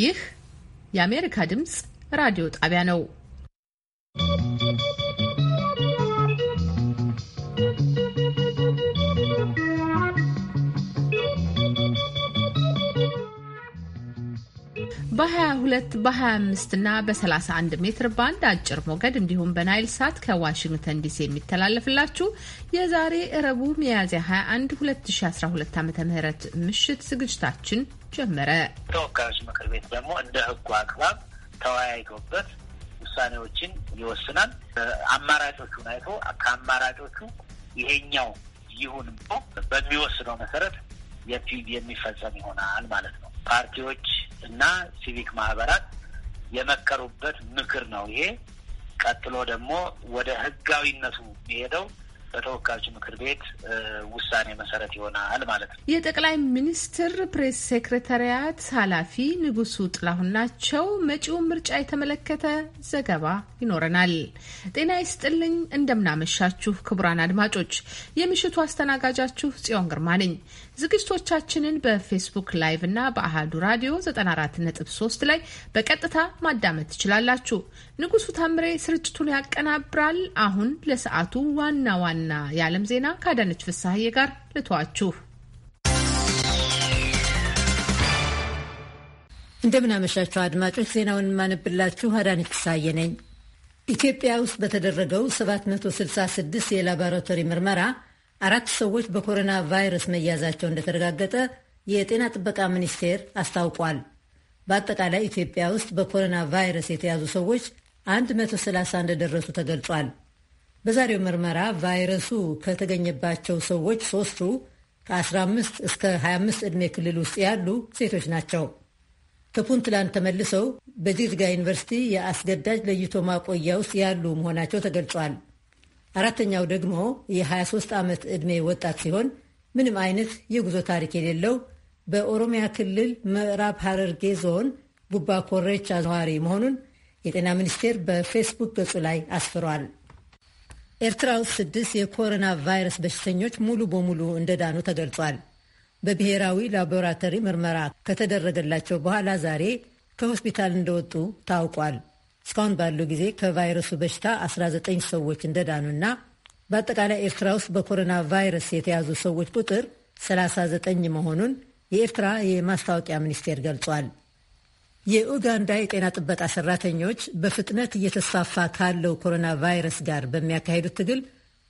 ይህ የአሜሪካ ድምፅ ራዲዮ ጣቢያ ነው። በ22 በ25 እና በ31 ሜትር ባንድ አጭር ሞገድ እንዲሁም በናይል ሳት ከዋሽንግተን ዲሲ የሚተላለፍላችሁ የዛሬ እረቡ ሚያዝያ 21 2012 ዓ ም ምሽት ዝግጅታችን ጀመረ። ተወካዮች ምክር ቤት ደግሞ እንደ ህጉ አግባብ ተወያይቶበት ውሳኔዎችን ይወስናል። አማራጮቹን አይቶ ከአማራጮቹ ይሄኛው ይሁን ብሎ በሚወስነው መሰረት የሚፈጸም ይሆናል ማለት ነው። ፓርቲዎች እና ሲቪክ ማህበራት የመከሩበት ምክር ነው ይሄ። ቀጥሎ ደግሞ ወደ ህጋዊነቱ የሚሄደው በተወካዮች ምክር ቤት ውሳኔ መሰረት ይሆናል ማለት ነው። የጠቅላይ ሚኒስትር ፕሬስ ሴክሬታሪያት ኃላፊ ንጉሱ ጥላሁን ናቸው። መጪውን ምርጫ የተመለከተ ዘገባ ይኖረናል። ጤና ይስጥልኝ፣ እንደምናመሻችሁ ክቡራን አድማጮች፣ የምሽቱ አስተናጋጃችሁ ጽዮን ግርማ ነኝ። ዝግጅቶቻችንን በፌስቡክ ላይቭ እና በአህዱ ራዲዮ 94.3 ላይ በቀጥታ ማዳመጥ ትችላላችሁ። ንጉሱ ታምሬ ስርጭቱን ያቀናብራል። አሁን ለሰዓቱ ዋና ዋና የዓለም ዜና ከአዳነች ፍሳሐዬ ጋር ልተዋችሁ። እንደምናመሻችሁ አድማጮች፣ ዜናውን የማነብላችሁ አዳነች ፍሳሐዬ ነኝ። ኢትዮጵያ ውስጥ በተደረገው 766 የላቦራቶሪ ምርመራ አራት ሰዎች በኮሮና ቫይረስ መያዛቸው እንደተረጋገጠ የጤና ጥበቃ ሚኒስቴር አስታውቋል። በአጠቃላይ ኢትዮጵያ ውስጥ በኮሮና ቫይረስ የተያዙ ሰዎች 130 እንደደረሱ ተገልጿል። በዛሬው ምርመራ ቫይረሱ ከተገኘባቸው ሰዎች ሶስቱ ከ15 እስከ 25 ዕድሜ ክልል ውስጥ ያሉ ሴቶች ናቸው። ከፑንትላንድ ተመልሰው በጂጅጋ ዩኒቨርሲቲ የአስገዳጅ ለይቶ ማቆያ ውስጥ ያሉ መሆናቸው ተገልጿል። አራተኛው ደግሞ የ23 ዓመት ዕድሜ ወጣት ሲሆን ምንም አይነት የጉዞ ታሪክ የሌለው በኦሮሚያ ክልል ምዕራብ ሐረርጌ ዞን ጉባ ኮሬቻ ነዋሪ መሆኑን የጤና ሚኒስቴር በፌስቡክ ገጹ ላይ አስፍሯል። ኤርትራ ውስጥ ስድስት የኮሮና ቫይረስ በሽተኞች ሙሉ በሙሉ እንደዳኑ ተገልጿል። በብሔራዊ ላቦራቶሪ ምርመራ ከተደረገላቸው በኋላ ዛሬ ከሆስፒታል እንደወጡ ታውቋል። እስካሁን ባለው ጊዜ ከቫይረሱ በሽታ 19 ሰዎች እንደዳኑና በአጠቃላይ ኤርትራ ውስጥ በኮሮና ቫይረስ የተያዙ ሰዎች ቁጥር 39 መሆኑን የኤርትራ የማስታወቂያ ሚኒስቴር ገልጿል። የኡጋንዳ የጤና ጥበቃ ሰራተኞች በፍጥነት እየተስፋፋ ካለው ኮሮና ቫይረስ ጋር በሚያካሂዱት ትግል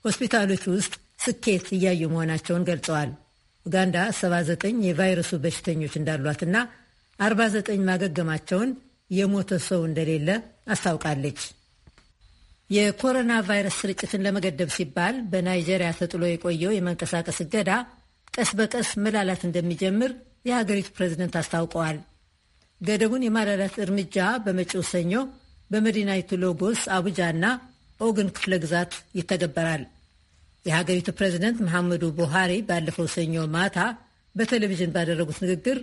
ሆስፒታሎች ውስጥ ስኬት እያዩ መሆናቸውን ገልጸዋል። ኡጋንዳ 79 የቫይረሱ በሽተኞች እንዳሏትና 49 ማገገማቸውን የሞተ ሰው እንደሌለ አስታውቃለች። የኮሮና ቫይረስ ስርጭትን ለመገደብ ሲባል በናይጄሪያ ተጥሎ የቆየው የመንቀሳቀስ እገዳ ቀስ በቀስ መላላት እንደሚጀምር የሀገሪቱ ፕሬዝደንት አስታውቀዋል። ገደቡን የማላላት እርምጃ በመጪው ሰኞ በመዲናይቱ ሎጎስ፣ አቡጃ እና ኦግን ክፍለ ግዛት ይተገበራል። የሀገሪቱ ፕሬዝደንት መሐመዱ ቡሃሪ ባለፈው ሰኞ ማታ በቴሌቪዥን ባደረጉት ንግግር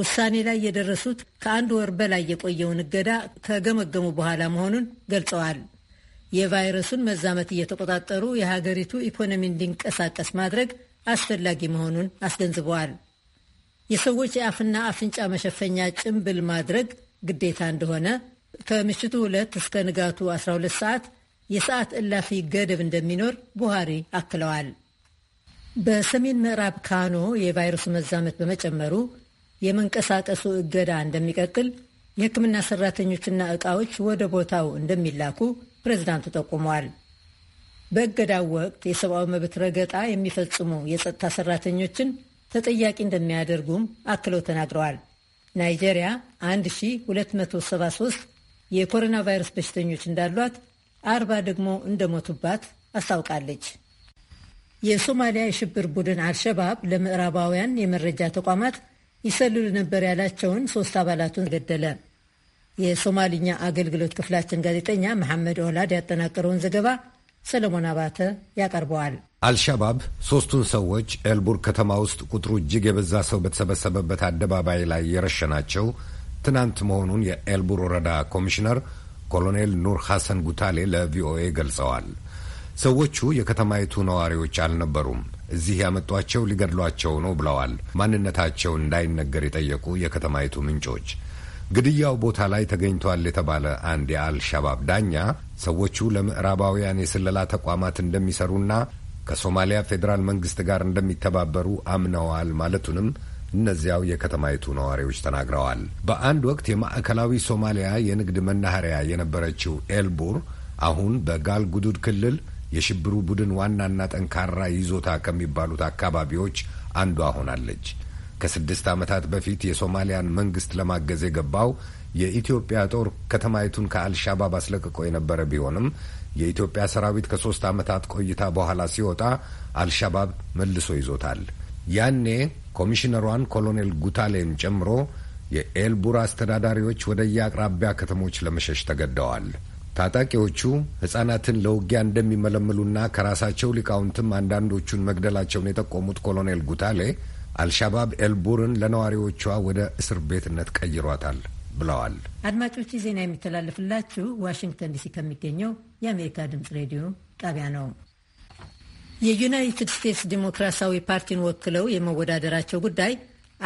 ውሳኔ ላይ የደረሱት ከአንድ ወር በላይ የቆየውን እገዳ ከገመገሙ በኋላ መሆኑን ገልጸዋል። የቫይረሱን መዛመት እየተቆጣጠሩ የሀገሪቱ ኢኮኖሚ እንዲንቀሳቀስ ማድረግ አስፈላጊ መሆኑን አስገንዝበዋል። የሰዎች የአፍና አፍንጫ መሸፈኛ ጭንብል ማድረግ ግዴታ እንደሆነ ከምሽቱ ሁለት እስከ ንጋቱ 12 ሰዓት የሰዓት እላፊ ገደብ እንደሚኖር ቡሃሪ አክለዋል። በሰሜን ምዕራብ ካኖ የቫይረሱ መዛመት በመጨመሩ የመንቀሳቀሱ እገዳ እንደሚቀጥል፣ የሕክምና ሰራተኞችና ዕቃዎች ወደ ቦታው እንደሚላኩ ፕሬዚዳንቱ ጠቁመዋል። በእገዳው ወቅት የሰብአዊ መብት ረገጣ የሚፈጽሙ የጸጥታ ሰራተኞችን ተጠያቂ እንደሚያደርጉም አክለው ተናግረዋል። ናይጄሪያ 1273 የኮሮና ቫይረስ በሽተኞች እንዳሏት፣ አርባ ደግሞ እንደሞቱባት አስታውቃለች። የሶማሊያ የሽብር ቡድን አልሸባብ ለምዕራባውያን የመረጃ ተቋማት ይሰልሉ ነበር ያላቸውን ሶስት አባላቱን ገደለ። የሶማልኛ አገልግሎት ክፍላችን ጋዜጠኛ መሐመድ ኦላድ ያጠናቀረውን ዘገባ ሰለሞን አባተ ያቀርበዋል። አልሻባብ ሦስቱን ሰዎች ኤልቡር ከተማ ውስጥ ቁጥሩ እጅግ የበዛ ሰው በተሰበሰበበት አደባባይ ላይ የረሸናቸው ትናንት መሆኑን የኤልቡር ወረዳ ኮሚሽነር ኮሎኔል ኑር ሐሰን ጉታሌ ለቪኦኤ ገልጸዋል። ሰዎቹ የከተማይቱ ነዋሪዎች አልነበሩም። እዚህ ያመጧቸው ሊገድሏቸው ነው ብለዋል ማንነታቸው እንዳይነገር የጠየቁ የከተማይቱ ምንጮች። ግድያው ቦታ ላይ ተገኝቷል የተባለ አንድ የአልሻባብ ዳኛ ሰዎቹ ለምዕራባውያን የስለላ ተቋማት እንደሚሰሩና ከሶማሊያ ፌዴራል መንግስት ጋር እንደሚተባበሩ አምነዋል ማለቱንም እነዚያው የከተማይቱ ነዋሪዎች ተናግረዋል። በአንድ ወቅት የማዕከላዊ ሶማሊያ የንግድ መናኸሪያ የነበረችው ኤልቡር አሁን በጋልጉዱድ ክልል የሽብሩ ቡድን ዋናና ጠንካራ ይዞታ ከሚባሉት አካባቢዎች አንዷ ሆናለች። ከስድስት ዓመታት በፊት የሶማሊያን መንግስት ለማገዝ የገባው የኢትዮጵያ ጦር ከተማይቱን ከአልሻባብ አስለቅቆ የነበረ ቢሆንም የኢትዮጵያ ሰራዊት ከሶስት ዓመታት ቆይታ በኋላ ሲወጣ አልሻባብ መልሶ ይዞታል። ያኔ ኮሚሽነሯን ኮሎኔል ጉታሌን ጨምሮ የኤልቡራ አስተዳዳሪዎች ወደ የአቅራቢያ ከተሞች ለመሸሽ ተገደዋል። ታጣቂዎቹ ሕጻናትን ለውጊያ እንደሚመለምሉና ከራሳቸው ሊቃውንትም አንዳንዶቹን መግደላቸውን የጠቆሙት ኮሎኔል ጉታሌ አልሻባብ ኤልቡርን ለነዋሪዎቿ ወደ እስር ቤትነት ቀይሯታል ብለዋል። አድማጮች፣ ዜና የሚተላለፍላችሁ ዋሽንግተን ዲሲ ከሚገኘው የአሜሪካ ድምፅ ሬዲዮ ጣቢያ ነው። የዩናይትድ ስቴትስ ዲሞክራሲያዊ ፓርቲን ወክለው የመወዳደራቸው ጉዳይ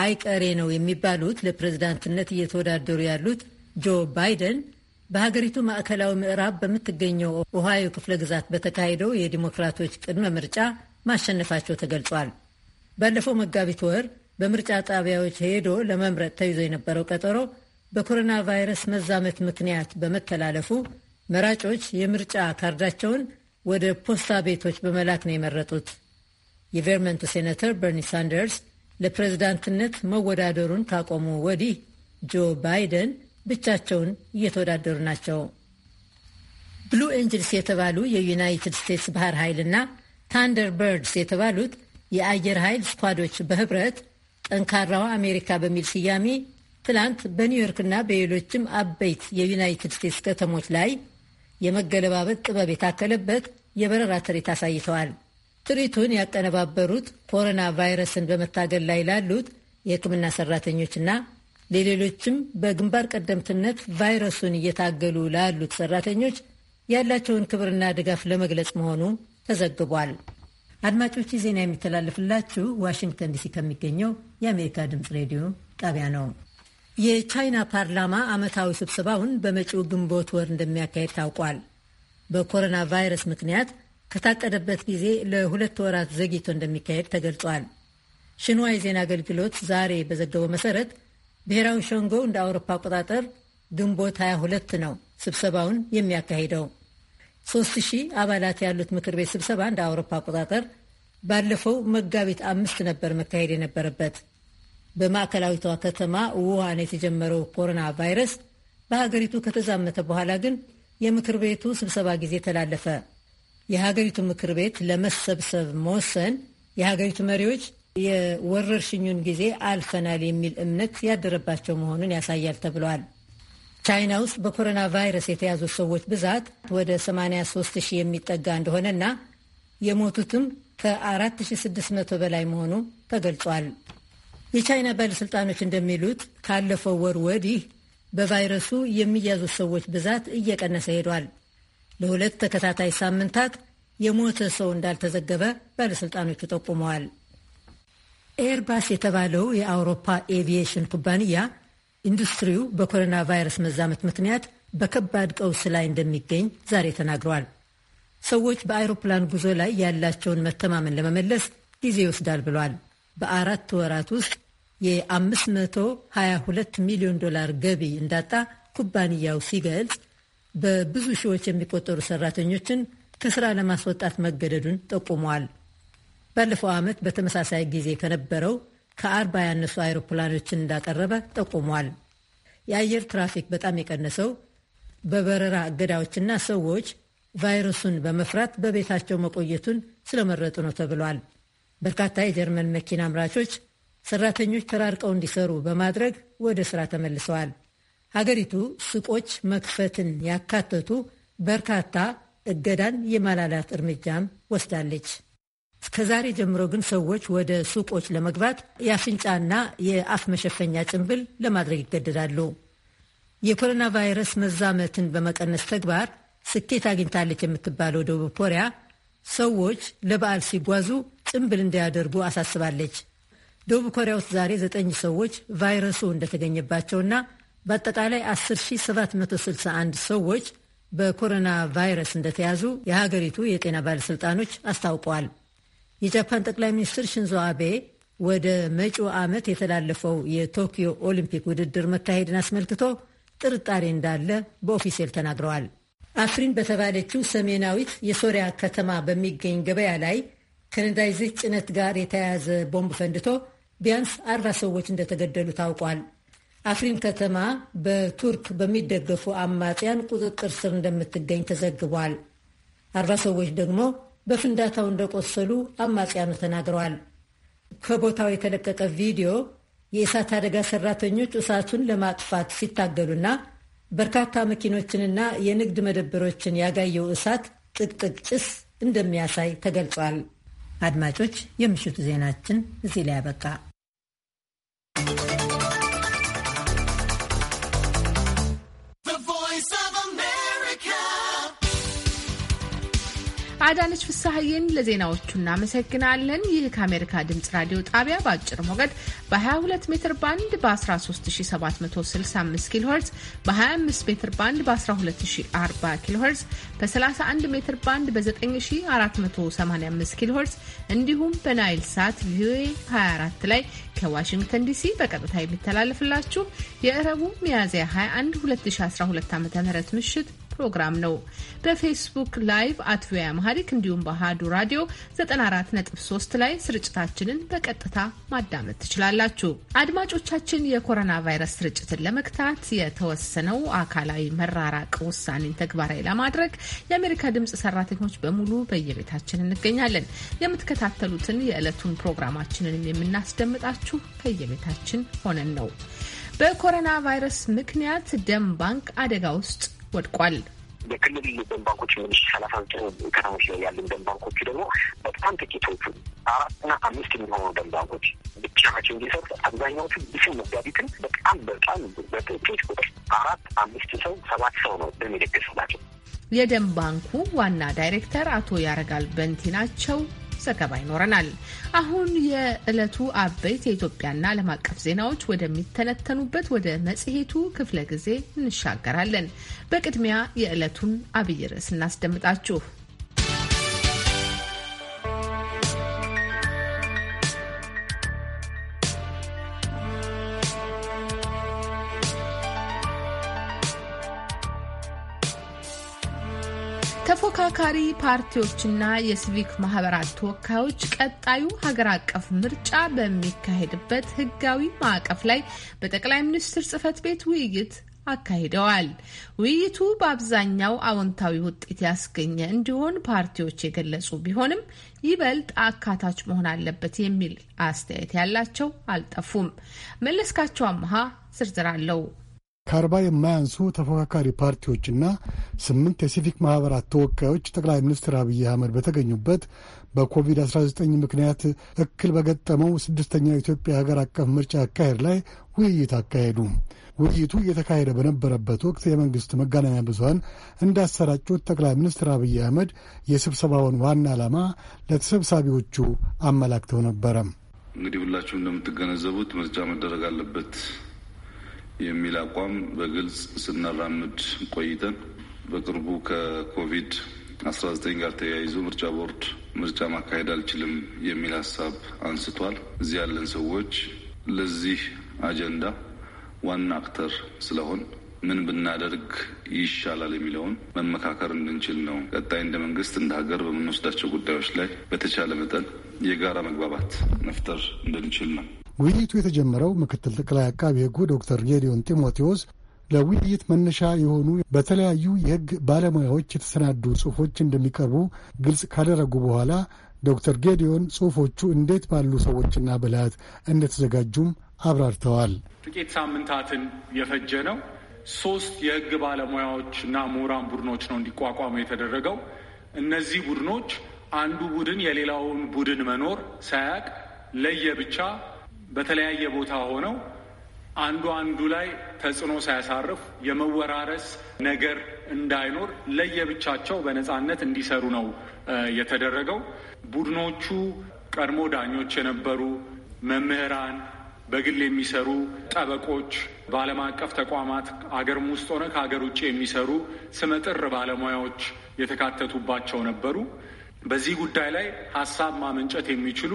አይቀሬ ነው የሚባሉት ለፕሬዝዳንትነት እየተወዳደሩ ያሉት ጆ ባይደን በሀገሪቱ ማዕከላዊ ምዕራብ በምትገኘው ኦሃዮ ክፍለ ግዛት በተካሄደው የዲሞክራቶች ቅድመ ምርጫ ማሸነፋቸው ተገልጿል። ባለፈው መጋቢት ወር በምርጫ ጣቢያዎች ሄዶ ለመምረጥ ተይዞ የነበረው ቀጠሮ በኮሮና ቫይረስ መዛመት ምክንያት በመተላለፉ መራጮች የምርጫ ካርዳቸውን ወደ ፖስታ ቤቶች በመላክ ነው የመረጡት። የቬርመንቱ ሴኔተር በርኒ ሳንደርስ ለፕሬዝዳንትነት መወዳደሩን ካቆሙ ወዲህ ጆ ባይደን ብቻቸውን እየተወዳደሩ ናቸው። ብሉ ኤንጅልስ የተባሉ የዩናይትድ ስቴትስ ባህር ኃይልና ታንደር በርድስ የተባሉት የአየር ኃይል ስኳዶች በህብረት ጠንካራዋ አሜሪካ በሚል ስያሜ ትላንት በኒውዮርክና በሌሎችም አበይት የዩናይትድ ስቴትስ ከተሞች ላይ የመገለባበጥ ጥበብ የታከለበት የበረራ ትርኢት አሳይተዋል። ትርኢቱን ያቀነባበሩት ኮሮና ቫይረስን በመታገል ላይ ላሉት የሕክምና ሰራተኞችና ለሌሎችም በግንባር ቀደምትነት ቫይረሱን እየታገሉ ላሉት ሰራተኞች ያላቸውን ክብርና ድጋፍ ለመግለጽ መሆኑ ተዘግቧል። አድማጮች ዜና የሚተላለፍላችሁ ዋሽንግተን ዲሲ ከሚገኘው የአሜሪካ ድምፅ ሬዲዮ ጣቢያ ነው። የቻይና ፓርላማ ዓመታዊ ስብሰባውን በመጪው ግንቦት ወር እንደሚያካሄድ ታውቋል። በኮሮና ቫይረስ ምክንያት ከታቀደበት ጊዜ ለሁለት ወራት ዘግይቶ እንደሚካሄድ ተገልጿል። ሽንዋ የዜና አገልግሎት ዛሬ በዘገበው መሰረት ብሔራዊ ሸንጎ እንደ አውሮፓ አቆጣጠር ግንቦት 22 ነው ስብሰባውን የሚያካሂደው። 3000 አባላት ያሉት ምክር ቤት ስብሰባ እንደ አውሮፓ አቆጣጠር ባለፈው መጋቢት አምስት ነበር መካሄድ የነበረበት። በማዕከላዊቷ ከተማ ውሃን የተጀመረው ኮሮና ቫይረስ በሀገሪቱ ከተዛመተ በኋላ ግን የምክር ቤቱ ስብሰባ ጊዜ ተላለፈ። የሀገሪቱ ምክር ቤት ለመሰብሰብ መወሰን የሀገሪቱ መሪዎች የወረርሽኙን ጊዜ አልፈናል የሚል እምነት ያደረባቸው መሆኑን ያሳያል ተብሏል። ቻይና ውስጥ በኮሮና ቫይረስ የተያዙ ሰዎች ብዛት ወደ 83 ሺህ የሚጠጋ እንደሆነና የሞቱትም ከ4600 በላይ መሆኑ ተገልጿል። የቻይና ባለሥልጣኖች እንደሚሉት ካለፈው ወር ወዲህ በቫይረሱ የሚያዙ ሰዎች ብዛት እየቀነሰ ሄዷል። ለሁለት ተከታታይ ሳምንታት የሞተ ሰው እንዳልተዘገበ ባለሥልጣኖቹ ጠቁመዋል። ኤርባስ የተባለው የአውሮፓ ኤቪዬሽን ኩባንያ ኢንዱስትሪው በኮሮና ቫይረስ መዛመት ምክንያት በከባድ ቀውስ ላይ እንደሚገኝ ዛሬ ተናግረዋል። ሰዎች በአይሮፕላን ጉዞ ላይ ያላቸውን መተማመን ለመመለስ ጊዜ ይወስዳል ብሏል። በአራት ወራት ውስጥ የ522 ሚሊዮን ዶላር ገቢ እንዳጣ ኩባንያው ሲገልጽ በብዙ ሺዎች የሚቆጠሩ ሰራተኞችን ከስራ ለማስወጣት መገደዱን ጠቁመዋል። ባለፈው ዓመት በተመሳሳይ ጊዜ ከነበረው ከአርባ ያነሱ አይሮፕላኖችን እንዳቀረበ ጠቁሟል። የአየር ትራፊክ በጣም የቀነሰው በበረራ እገዳዎችና ሰዎች ቫይረሱን በመፍራት በቤታቸው መቆየቱን ስለመረጡ ነው ተብሏል። በርካታ የጀርመን መኪና አምራቾች ሰራተኞች ተራርቀው እንዲሰሩ በማድረግ ወደ ስራ ተመልሰዋል። ሀገሪቱ ሱቆች መክፈትን ያካተቱ በርካታ እገዳን የማላላት እርምጃም ወስዳለች። እስከዛሬ ጀምሮ ግን ሰዎች ወደ ሱቆች ለመግባት የአፍንጫና የአፍ መሸፈኛ ጭንብል ለማድረግ ይገደዳሉ። የኮሮና ቫይረስ መዛመትን በመቀነስ ተግባር ስኬት አግኝታለች የምትባለው ደቡብ ኮሪያ ሰዎች ለበዓል ሲጓዙ ጭንብል እንዲያደርጉ አሳስባለች። ደቡብ ኮሪያ ውስጥ ዛሬ ዘጠኝ ሰዎች ቫይረሱ እንደተገኘባቸውና በአጠቃላይ 10761 ሰዎች በኮሮና ቫይረስ እንደተያዙ የሀገሪቱ የጤና ባለሥልጣኖች አስታውቀዋል። የጃፓን ጠቅላይ ሚኒስትር ሽንዞ አቤ ወደ መጪው ዓመት የተላለፈው የቶኪዮ ኦሊምፒክ ውድድር መካሄድን አስመልክቶ ጥርጣሬ እንዳለ በኦፊሴል ተናግረዋል። አፍሪን በተባለችው ሰሜናዊት የሶሪያ ከተማ በሚገኝ ገበያ ላይ ከነዳጅ ጭነት ጋር የተያያዘ ቦምብ ፈንድቶ ቢያንስ አርባ ሰዎች እንደተገደሉ ታውቋል። አፍሪን ከተማ በቱርክ በሚደገፉ አማጽያን ቁጥጥር ስር እንደምትገኝ ተዘግቧል። አርባ ሰዎች ደግሞ በፍንዳታው እንደቆሰሉ አማጽያኑ ተናግረዋል። ከቦታው የተለቀቀ ቪዲዮ የእሳት አደጋ ሰራተኞች እሳቱን ለማጥፋት ሲታገሉና በርካታ መኪኖችንና የንግድ መደብሮችን ያጋየው እሳት ጥቅጥቅ ጭስ እንደሚያሳይ ተገልጿል። አድማጮች፣ የምሽቱ ዜናችን እዚህ ላይ ያበቃ። አዳነች ፍሳሐዬን ለዜናዎቹ እናመሰግናለን። ይህ ከአሜሪካ ድምጽ ራዲዮ ጣቢያ በአጭር ሞገድ በ22 ሜትር ባንድ በ13765 ኪሎ ሄርዝ፣ በ25 ሜትር ባንድ በ1240 ኪሎ ሄርዝ፣ በ31 ሜትር ባንድ በ9485 ኪሎ ሄርዝ እንዲሁም በናይል ሳት ቪኦኤ 24 ላይ ከዋሽንግተን ዲሲ በቀጥታ የሚተላለፍላችሁ የእረቡ ሚያዝያ 21 2012 ዓ ም ምሽት ፕሮግራም ነው። በፌስቡክ ላይቭ አት ቪኦኤ አምሃሪክ እንዲሁም በአሀዱ ራዲዮ 94.3 ላይ ስርጭታችንን በቀጥታ ማዳመጥ ትችላላችሁ። አድማጮቻችን፣ የኮሮና ቫይረስ ስርጭትን ለመግታት የተወሰነው አካላዊ መራራቅ ውሳኔን ተግባራዊ ለማድረግ የአሜሪካ ድምፅ ሰራተኞች በሙሉ በየቤታችን እንገኛለን። የምትከታተሉትን የዕለቱን ፕሮግራማችንንም የምናስደምጣችሁ ከየቤታችን ሆነን ነው። በኮሮና ቫይረስ ምክንያት ደም ባንክ አደጋ ውስጥ ወድቋል። የክልል ደን ባንኮች ምንሽ ሰላሳ ዘጠኝ ከተሞች ላይ ያለን ደን ባንኮቹ ደግሞ በጣም ጥቂቶቹ አራትና አምስት የሚሆኑ ደን ባንኮች ብቻ ናቸው እንዲሰሩት አብዛኛዎቹ ብስም መጋቢትን በጣም በጣም በጥቂት ቁጥር አራት አምስት ሰው ሰባት ሰው ነው ደም የደገሰላቸው። የደም ባንኩ ዋና ዳይሬክተር አቶ ያረጋል በንቲ ናቸው። ዘገባ ይኖረናል። አሁን የዕለቱ አበይት የኢትዮጵያና ዓለም አቀፍ ዜናዎች ወደሚተነተኑበት ወደ መጽሔቱ ክፍለ ጊዜ እንሻገራለን። በቅድሚያ የዕለቱን አብይ ርዕስ እናስደምጣችሁ። ተፎካካሪ ፓርቲዎችና የሲቪክ ማህበራት ተወካዮች ቀጣዩ ሀገር አቀፍ ምርጫ በሚካሄድበት ህጋዊ ማዕቀፍ ላይ በጠቅላይ ሚኒስትር ጽህፈት ቤት ውይይት አካሂደዋል። ውይይቱ በአብዛኛው አዎንታዊ ውጤት ያስገኘ እንዲሆን ፓርቲዎች የገለጹ ቢሆንም ይበልጥ አካታች መሆን አለበት የሚል አስተያየት ያላቸው አልጠፉም። መለስካቸው አምሃ ዝርዝር አለው። ከአርባ የማያንሱ ተፎካካሪ ፓርቲዎችና ስምንት የሲቪክ ማኅበራት ተወካዮች ጠቅላይ ሚኒስትር አብይ አህመድ በተገኙበት በኮቪድ-19 ምክንያት እክል በገጠመው ስድስተኛው የኢትዮጵያ ሀገር አቀፍ ምርጫ አካሄድ ላይ ውይይት አካሄዱ። ውይይቱ እየተካሄደ በነበረበት ወቅት የመንግሥት መገናኛ ብዙሀን እንዳሰራጩት ጠቅላይ ሚኒስትር አብይ አህመድ የስብሰባውን ዋና ዓላማ ለተሰብሳቢዎቹ አመላክተው ነበረ። እንግዲህ ሁላችሁም እንደምትገነዘቡት ምርጫ መደረግ አለበት የሚል አቋም በግልጽ ስናራምድ ቆይተን በቅርቡ ከኮቪድ 19 ጋር ተያይዞ ምርጫ ቦርድ ምርጫ ማካሄድ አልችልም የሚል ሀሳብ አንስቷል። እዚህ ያለን ሰዎች ለዚህ አጀንዳ ዋና አክተር ስለሆን ምን ብናደርግ ይሻላል የሚለውን መመካከር እንድንችል ነው። ቀጣይ እንደ መንግስት፣ እንደ ሀገር በምንወስዳቸው ጉዳዮች ላይ በተቻለ መጠን የጋራ መግባባት መፍጠር እንድንችል ነው። ውይይቱ የተጀመረው ምክትል ጠቅላይ አቃቢ ሕጉ ዶክተር ጌዲዮን ጢሞቴዎስ ለውይይት መነሻ የሆኑ በተለያዩ የሕግ ባለሙያዎች የተሰናዱ ጽሑፎች እንደሚቀርቡ ግልጽ ካደረጉ በኋላ ዶክተር ጌዲዮን ጽሑፎቹ እንዴት ባሉ ሰዎችና ብልሃት እንደተዘጋጁም አብራርተዋል። ጥቂት ሳምንታትን የፈጀ ነው። ሶስት የሕግ ባለሙያዎች እና ምሁራን ቡድኖች ነው እንዲቋቋሙ የተደረገው። እነዚህ ቡድኖች አንዱ ቡድን የሌላውን ቡድን መኖር ሳያቅ ለየብቻ በተለያየ ቦታ ሆነው አንዱ አንዱ ላይ ተጽዕኖ ሳያሳርፍ የመወራረስ ነገር እንዳይኖር ለየብቻቸው በነፃነት እንዲሰሩ ነው የተደረገው። ቡድኖቹ ቀድሞ ዳኞች የነበሩ መምህራን፣ በግል የሚሰሩ ጠበቆች፣ በዓለም አቀፍ ተቋማት አገርም ውስጥ ሆነ ከሀገር ውጭ የሚሰሩ ስመጥር ባለሙያዎች የተካተቱባቸው ነበሩ። በዚህ ጉዳይ ላይ ሀሳብ ማመንጨት የሚችሉ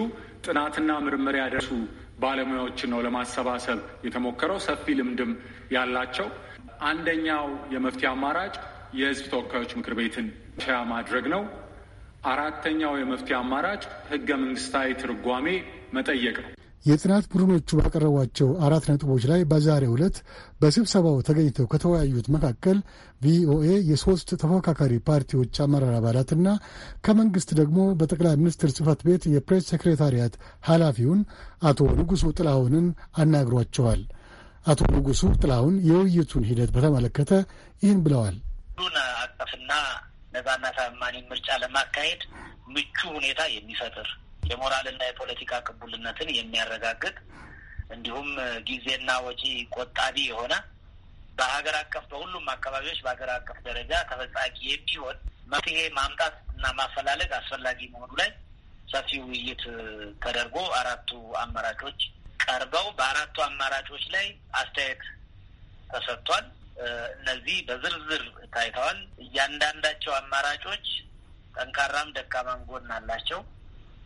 ጥናትና ምርምር ያደርሱ ባለሙያዎችን ነው ለማሰባሰብ የተሞከረው። ሰፊ ልምድም ያላቸው አንደኛው የመፍትሄ አማራጭ የህዝብ ተወካዮች ምክር ቤትን ሻያ ማድረግ ነው። አራተኛው የመፍትሄ አማራጭ ህገ መንግስታዊ ትርጓሜ መጠየቅ ነው። የጥናት ቡድኖቹ ባቀረቧቸው አራት ነጥቦች ላይ በዛሬ ዕለት በስብሰባው ተገኝተው ከተወያዩት መካከል ቪኦኤ የሶስት ተፎካካሪ ፓርቲዎች አመራር አባላትና ከመንግስት ደግሞ በጠቅላይ ሚኒስትር ጽህፈት ቤት የፕሬስ ሴክሬታሪያት ኃላፊውን አቶ ንጉሱ ጥላሁንን አናግሯቸዋል። አቶ ንጉሱ ጥላሁን የውይይቱን ሂደት በተመለከተ ይህን ብለዋል። ሁሉን አቀፍና ነጻና ታማኒ ምርጫ ለማካሄድ ምቹ ሁኔታ የሚፈጥር የሞራልና የፖለቲካ ቅቡልነትን የሚያረጋግጥ እንዲሁም ጊዜና ወጪ ቆጣቢ የሆነ በሀገር አቀፍ በሁሉም አካባቢዎች በሀገር አቀፍ ደረጃ ተፈጻሚ የሚሆን መፍትሄ ማምጣት እና ማፈላለግ አስፈላጊ መሆኑ ላይ ሰፊ ውይይት ተደርጎ አራቱ አማራጮች ቀርበው በአራቱ አማራጮች ላይ አስተያየት ተሰጥቷል። እነዚህ በዝርዝር ታይተዋል። እያንዳንዳቸው አማራጮች ጠንካራም ደካማም ጎን አላቸው።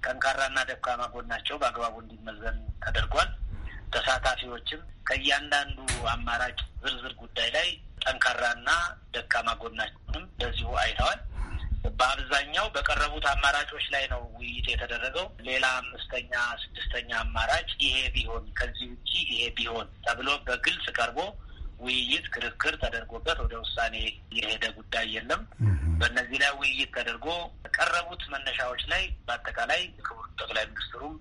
ጠንካራና ደካማ ጎናቸው በአግባቡ እንዲመዘን ተደርጓል። ተሳታፊዎችም ከእያንዳንዱ አማራጭ ዝርዝር ጉዳይ ላይ ጠንካራና ደካማ ጎናቸውንም እንደዚሁ አይተዋል። በአብዛኛው በቀረቡት አማራጮች ላይ ነው ውይይት የተደረገው። ሌላ አምስተኛ ስድስተኛ አማራጭ ይሄ ቢሆን ከዚህ ውጭ ይሄ ቢሆን ተብሎ በግልጽ ቀርቦ ውይይት ክርክር ተደርጎበት ወደ ውሳኔ የሄደ ጉዳይ የለም። በእነዚህ ላይ ውይይት ተደርጎ ቀረቡት መነሻዎች ላይ በአጠቃላይ ክቡር ጠቅላይ ሚኒስትሩም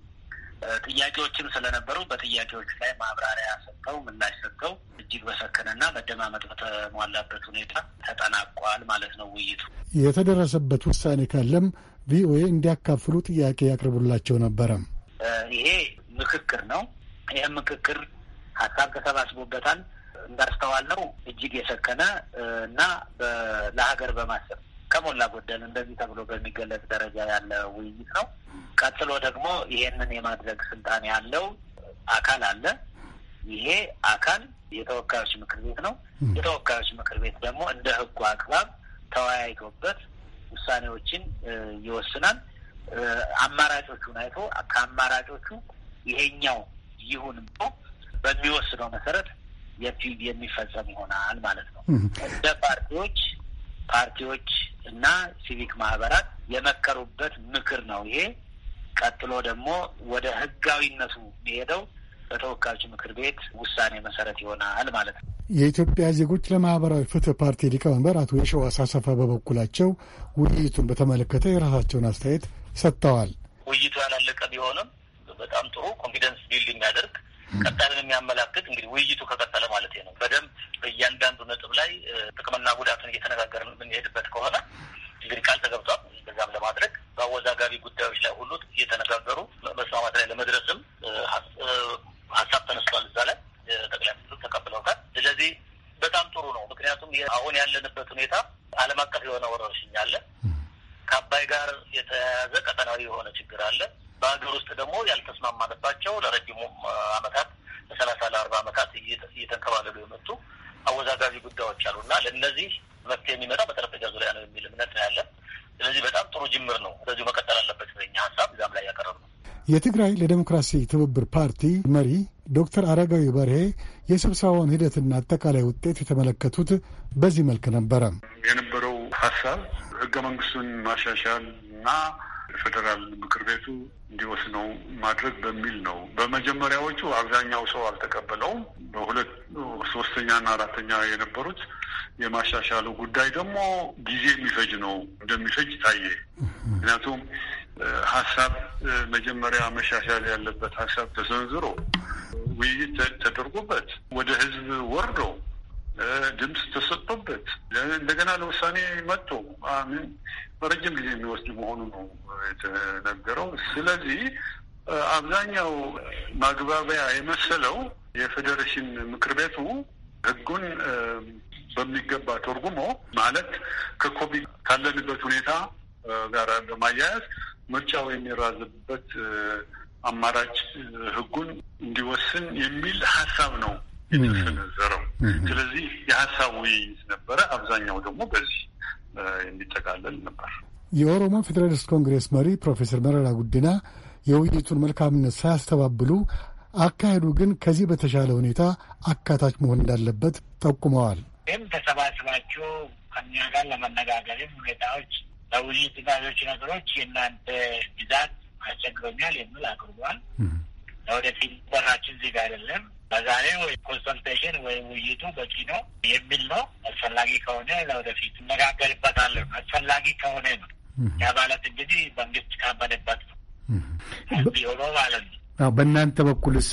ጥያቄዎችም ስለነበሩ በጥያቄዎቹ ላይ ማብራሪያ ሰጥተው ምላሽ ሰጥተው እጅግ በሰከነና መደማመጥ በተሟላበት ሁኔታ ተጠናቋል ማለት ነው። ውይይቱ የተደረሰበት ውሳኔ ካለም ቪኦኤ እንዲያካፍሉ ጥያቄ ያቅርቡላቸው ነበረ። ይሄ ምክክር ነው። ይህ ምክክር ሀሳብ ተሰባስቦበታል። ነው እጅግ የሰከነ እና ለሀገር በማሰብ ከሞላ ጎደል እንደዚህ ተብሎ በሚገለጽ ደረጃ ያለ ውይይት ነው። ቀጥሎ ደግሞ ይሄንን የማድረግ ስልጣን ያለው አካል አለ። ይሄ አካል የተወካዮች ምክር ቤት ነው። የተወካዮች ምክር ቤት ደግሞ እንደ ህጉ አግባብ ተወያይቶበት ውሳኔዎችን ይወስናል። አማራጮቹን አይቶ ከአማራጮቹ ይሄኛው ይሁን ብሎ በሚወስነው መሰረት የሚፈጸም ይሆናል ማለት ነው። እንደ ፓርቲዎች ፓርቲዎች እና ሲቪክ ማህበራት የመከሩበት ምክር ነው ይሄ። ቀጥሎ ደግሞ ወደ ህጋዊነቱ የሄደው በተወካዮች ምክር ቤት ውሳኔ መሰረት ይሆናል ማለት ነው። የኢትዮጵያ ዜጎች ለማህበራዊ ፍትህ ፓርቲ ሊቀመንበር አቶ የሸዋስ አሰፋ በበኩላቸው ውይይቱን በተመለከተ የራሳቸውን አስተያየት ሰጥተዋል። ውይይቱ ያላለቀ ቢሆንም በጣም ጥሩ ኮንፊደንስ ቢልድ የሚያደርግ ቀጣይን የሚያመላክት እንግዲህ ውይይቱ ከቀጠለ ማለት ነው። በደንብ በእያንዳንዱ ነጥብ ላይ ጥቅምና ጉዳቱን እየተነጋገርን የምንሄድበት ከሆነ እንግዲህ ቃል ተገብቷል። በዛም ለማድረግ በአወዛጋቢ ጉዳዮች ላይ ሁሉ እየተነጋገሩ መስማማት ላይ ለመድረስም ሀሳብ ተነስቷል። እዛ ላይ ጠቅላይ ሚኒስትሩ ተቀብለውታል። ስለዚህ በጣም ጥሩ ነው። ምክንያቱም አሁን ያለንበት ሁኔታ ዓለም አቀፍ የሆነ ወረርሽኝ አለ። ከአባይ ጋር የተያያዘ ቀጠናዊ የሆነ ችግር አለ። በሀገር ውስጥ ደግሞ ያልተስማማንባቸው ለረ የትግራይ ለዴሞክራሲ ትብብር ፓርቲ መሪ ዶክተር አረጋዊ በርሄ የስብሰባውን ሂደትና አጠቃላይ ውጤት የተመለከቱት በዚህ መልክ ነበረ። የነበረው ሀሳብ ህገ መንግስቱን ማሻሻል እና ፌዴራል ምክር ቤቱ እንዲወስነው ማድረግ በሚል ነው። በመጀመሪያዎቹ አብዛኛው ሰው አልተቀበለውም። በሁለት ሶስተኛና አራተኛ የነበሩት የማሻሻሉ ጉዳይ ደግሞ ጊዜ የሚፈጅ ነው እንደሚፈጅ ታየ። ምክንያቱም ሀሳብ መጀመሪያ መሻሻል ያለበት ሀሳብ ተሰንዝሮ ውይይት ተደርጎበት ወደ ህዝብ ወርዶ ድምፅ ተሰጥቶበት እንደገና ለውሳኔ መጥቶ ምን በረጅም ጊዜ የሚወስድ መሆኑ ነው የተነገረው። ስለዚህ አብዛኛው ማግባቢያ የመሰለው የፌዴሬሽን ምክር ቤቱ ህጉን በሚገባ ተርጉሞ ማለት ከኮቪድ ካለንበት ሁኔታ ጋር በማያያዝ ምርጫው የሚራዝበት አማራጭ ህጉን እንዲወስን የሚል ሀሳብ ነው የተሰነዘረው። ስለዚህ የሀሳብ ውይይት ነበረ። አብዛኛው ደግሞ በዚህ የሚጠቃለል ነበር። የኦሮሞ ፌዴራሊስት ኮንግሬስ መሪ ፕሮፌሰር መረራ ጉዲና የውይይቱን መልካምነት ሳያስተባብሉ አካሄዱ ግን ከዚህ በተሻለ ሁኔታ አካታች መሆን እንዳለበት ጠቁመዋል። ግን ተሰባስባችሁ ከኛ ጋር ለመነጋገርም ሁኔታዎች ለውይይት ሌሎች ነገሮች የእናንተ ብዛት አስቸግሮኛል የሚል አቅርቧል። ለወደፊት በራችን ዜጋ አይደለም በዛሬ ወይ ኮንሰልቴሽን ወይ ውይይቱ በቂ ነው የሚል ነው። አስፈላጊ ከሆነ ለወደፊት እነጋገርበታለሁ። አስፈላጊ ከሆነ ነው። ያ ማለት እንግዲህ መንግስት ካመነበት ነው ሆኖ ማለት ነው። በእናንተ በኩልስ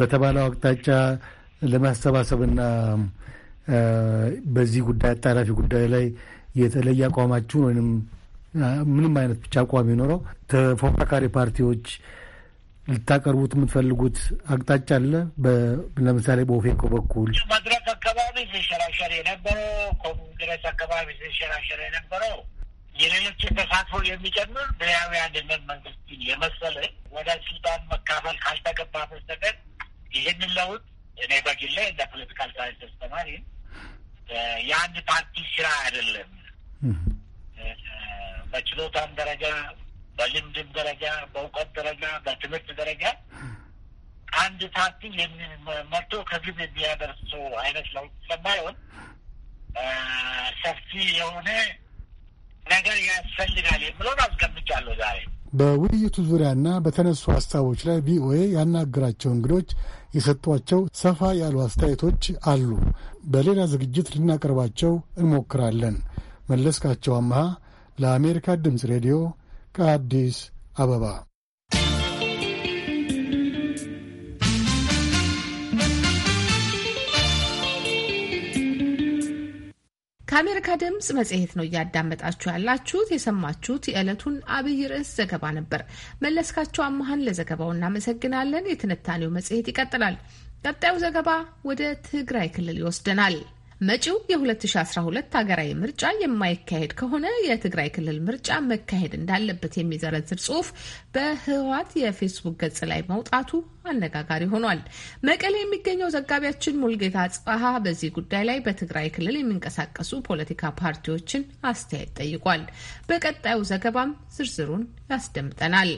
በተባለው አቅጣጫ ለማሰባሰብና በዚህ ጉዳይ አጣራፊ ጉዳይ ላይ የተለየ አቋማችሁን ወይም ምንም አይነት ብቻ አቋም ይኖረው ተፎካካሪ ፓርቲዎች ልታቀርቡት የምትፈልጉት አቅጣጫ አለ? ለምሳሌ በኦፌኮ በኩል መድረክ አካባቢ ሲሸራሸር የነበረው ኮንግረስ አካባቢ ሲሸራሸር የነበረው የሌሎች ተሳትፎ የሚጨምር ብሔራዊ አንድነት መንግስትን የመሰለ ወደ ስልጣን መካፈል ካልተገባ በስተቀር ይህንን ለውጥ እኔ በግሌ እንደ ፖለቲካል ሳይንስ ተማሪ የአንድ ፓርቲ ስራ አይደለም። በችሎታም ደረጃ፣ በልምድም ደረጃ፣ በእውቀት ደረጃ፣ በትምህርት ደረጃ አንድ ፓርቲ መርቶ ከግብ የሚያደርሱ አይነት ለውጥ ስለማይሆን ሰፊ የሆነ ነገር ያስፈልጋል የምለውን አስቀምጫለሁ ዛሬ። በውይይቱ ዙሪያና በተነሱ ሀሳቦች ላይ ቪኦኤ ያናገራቸው እንግዶች የሰጧቸው ሰፋ ያሉ አስተያየቶች አሉ። በሌላ ዝግጅት ልናቀርባቸው እንሞክራለን። መለስካቸው አመሃ ለአሜሪካ ድምፅ ሬዲዮ ከአዲስ አበባ ከአሜሪካ ድምፅ መጽሔት ነው እያዳመጣችሁ ያላችሁት። የሰማችሁት የዕለቱን አብይ ርዕስ ዘገባ ነበር። መለስካቸው አመሀን ለዘገባው እናመሰግናለን። የትንታኔው መጽሔት ይቀጥላል። ቀጣዩ ዘገባ ወደ ትግራይ ክልል ይወስደናል። መጪው የ2012 ሀገራዊ ምርጫ የማይካሄድ ከሆነ የትግራይ ክልል ምርጫ መካሄድ እንዳለበት የሚዘረዝር ጽሑፍ በህወሓት የፌስቡክ ገጽ ላይ መውጣቱ አነጋጋሪ ሆኗል። መቀሌ የሚገኘው ዘጋቢያችን ሙልጌታ አጽባሀ በዚህ ጉዳይ ላይ በትግራይ ክልል የሚንቀሳቀሱ ፖለቲካ ፓርቲዎችን አስተያየት ጠይቋል። በቀጣዩ ዘገባም ዝርዝሩን ያስደምጠናል።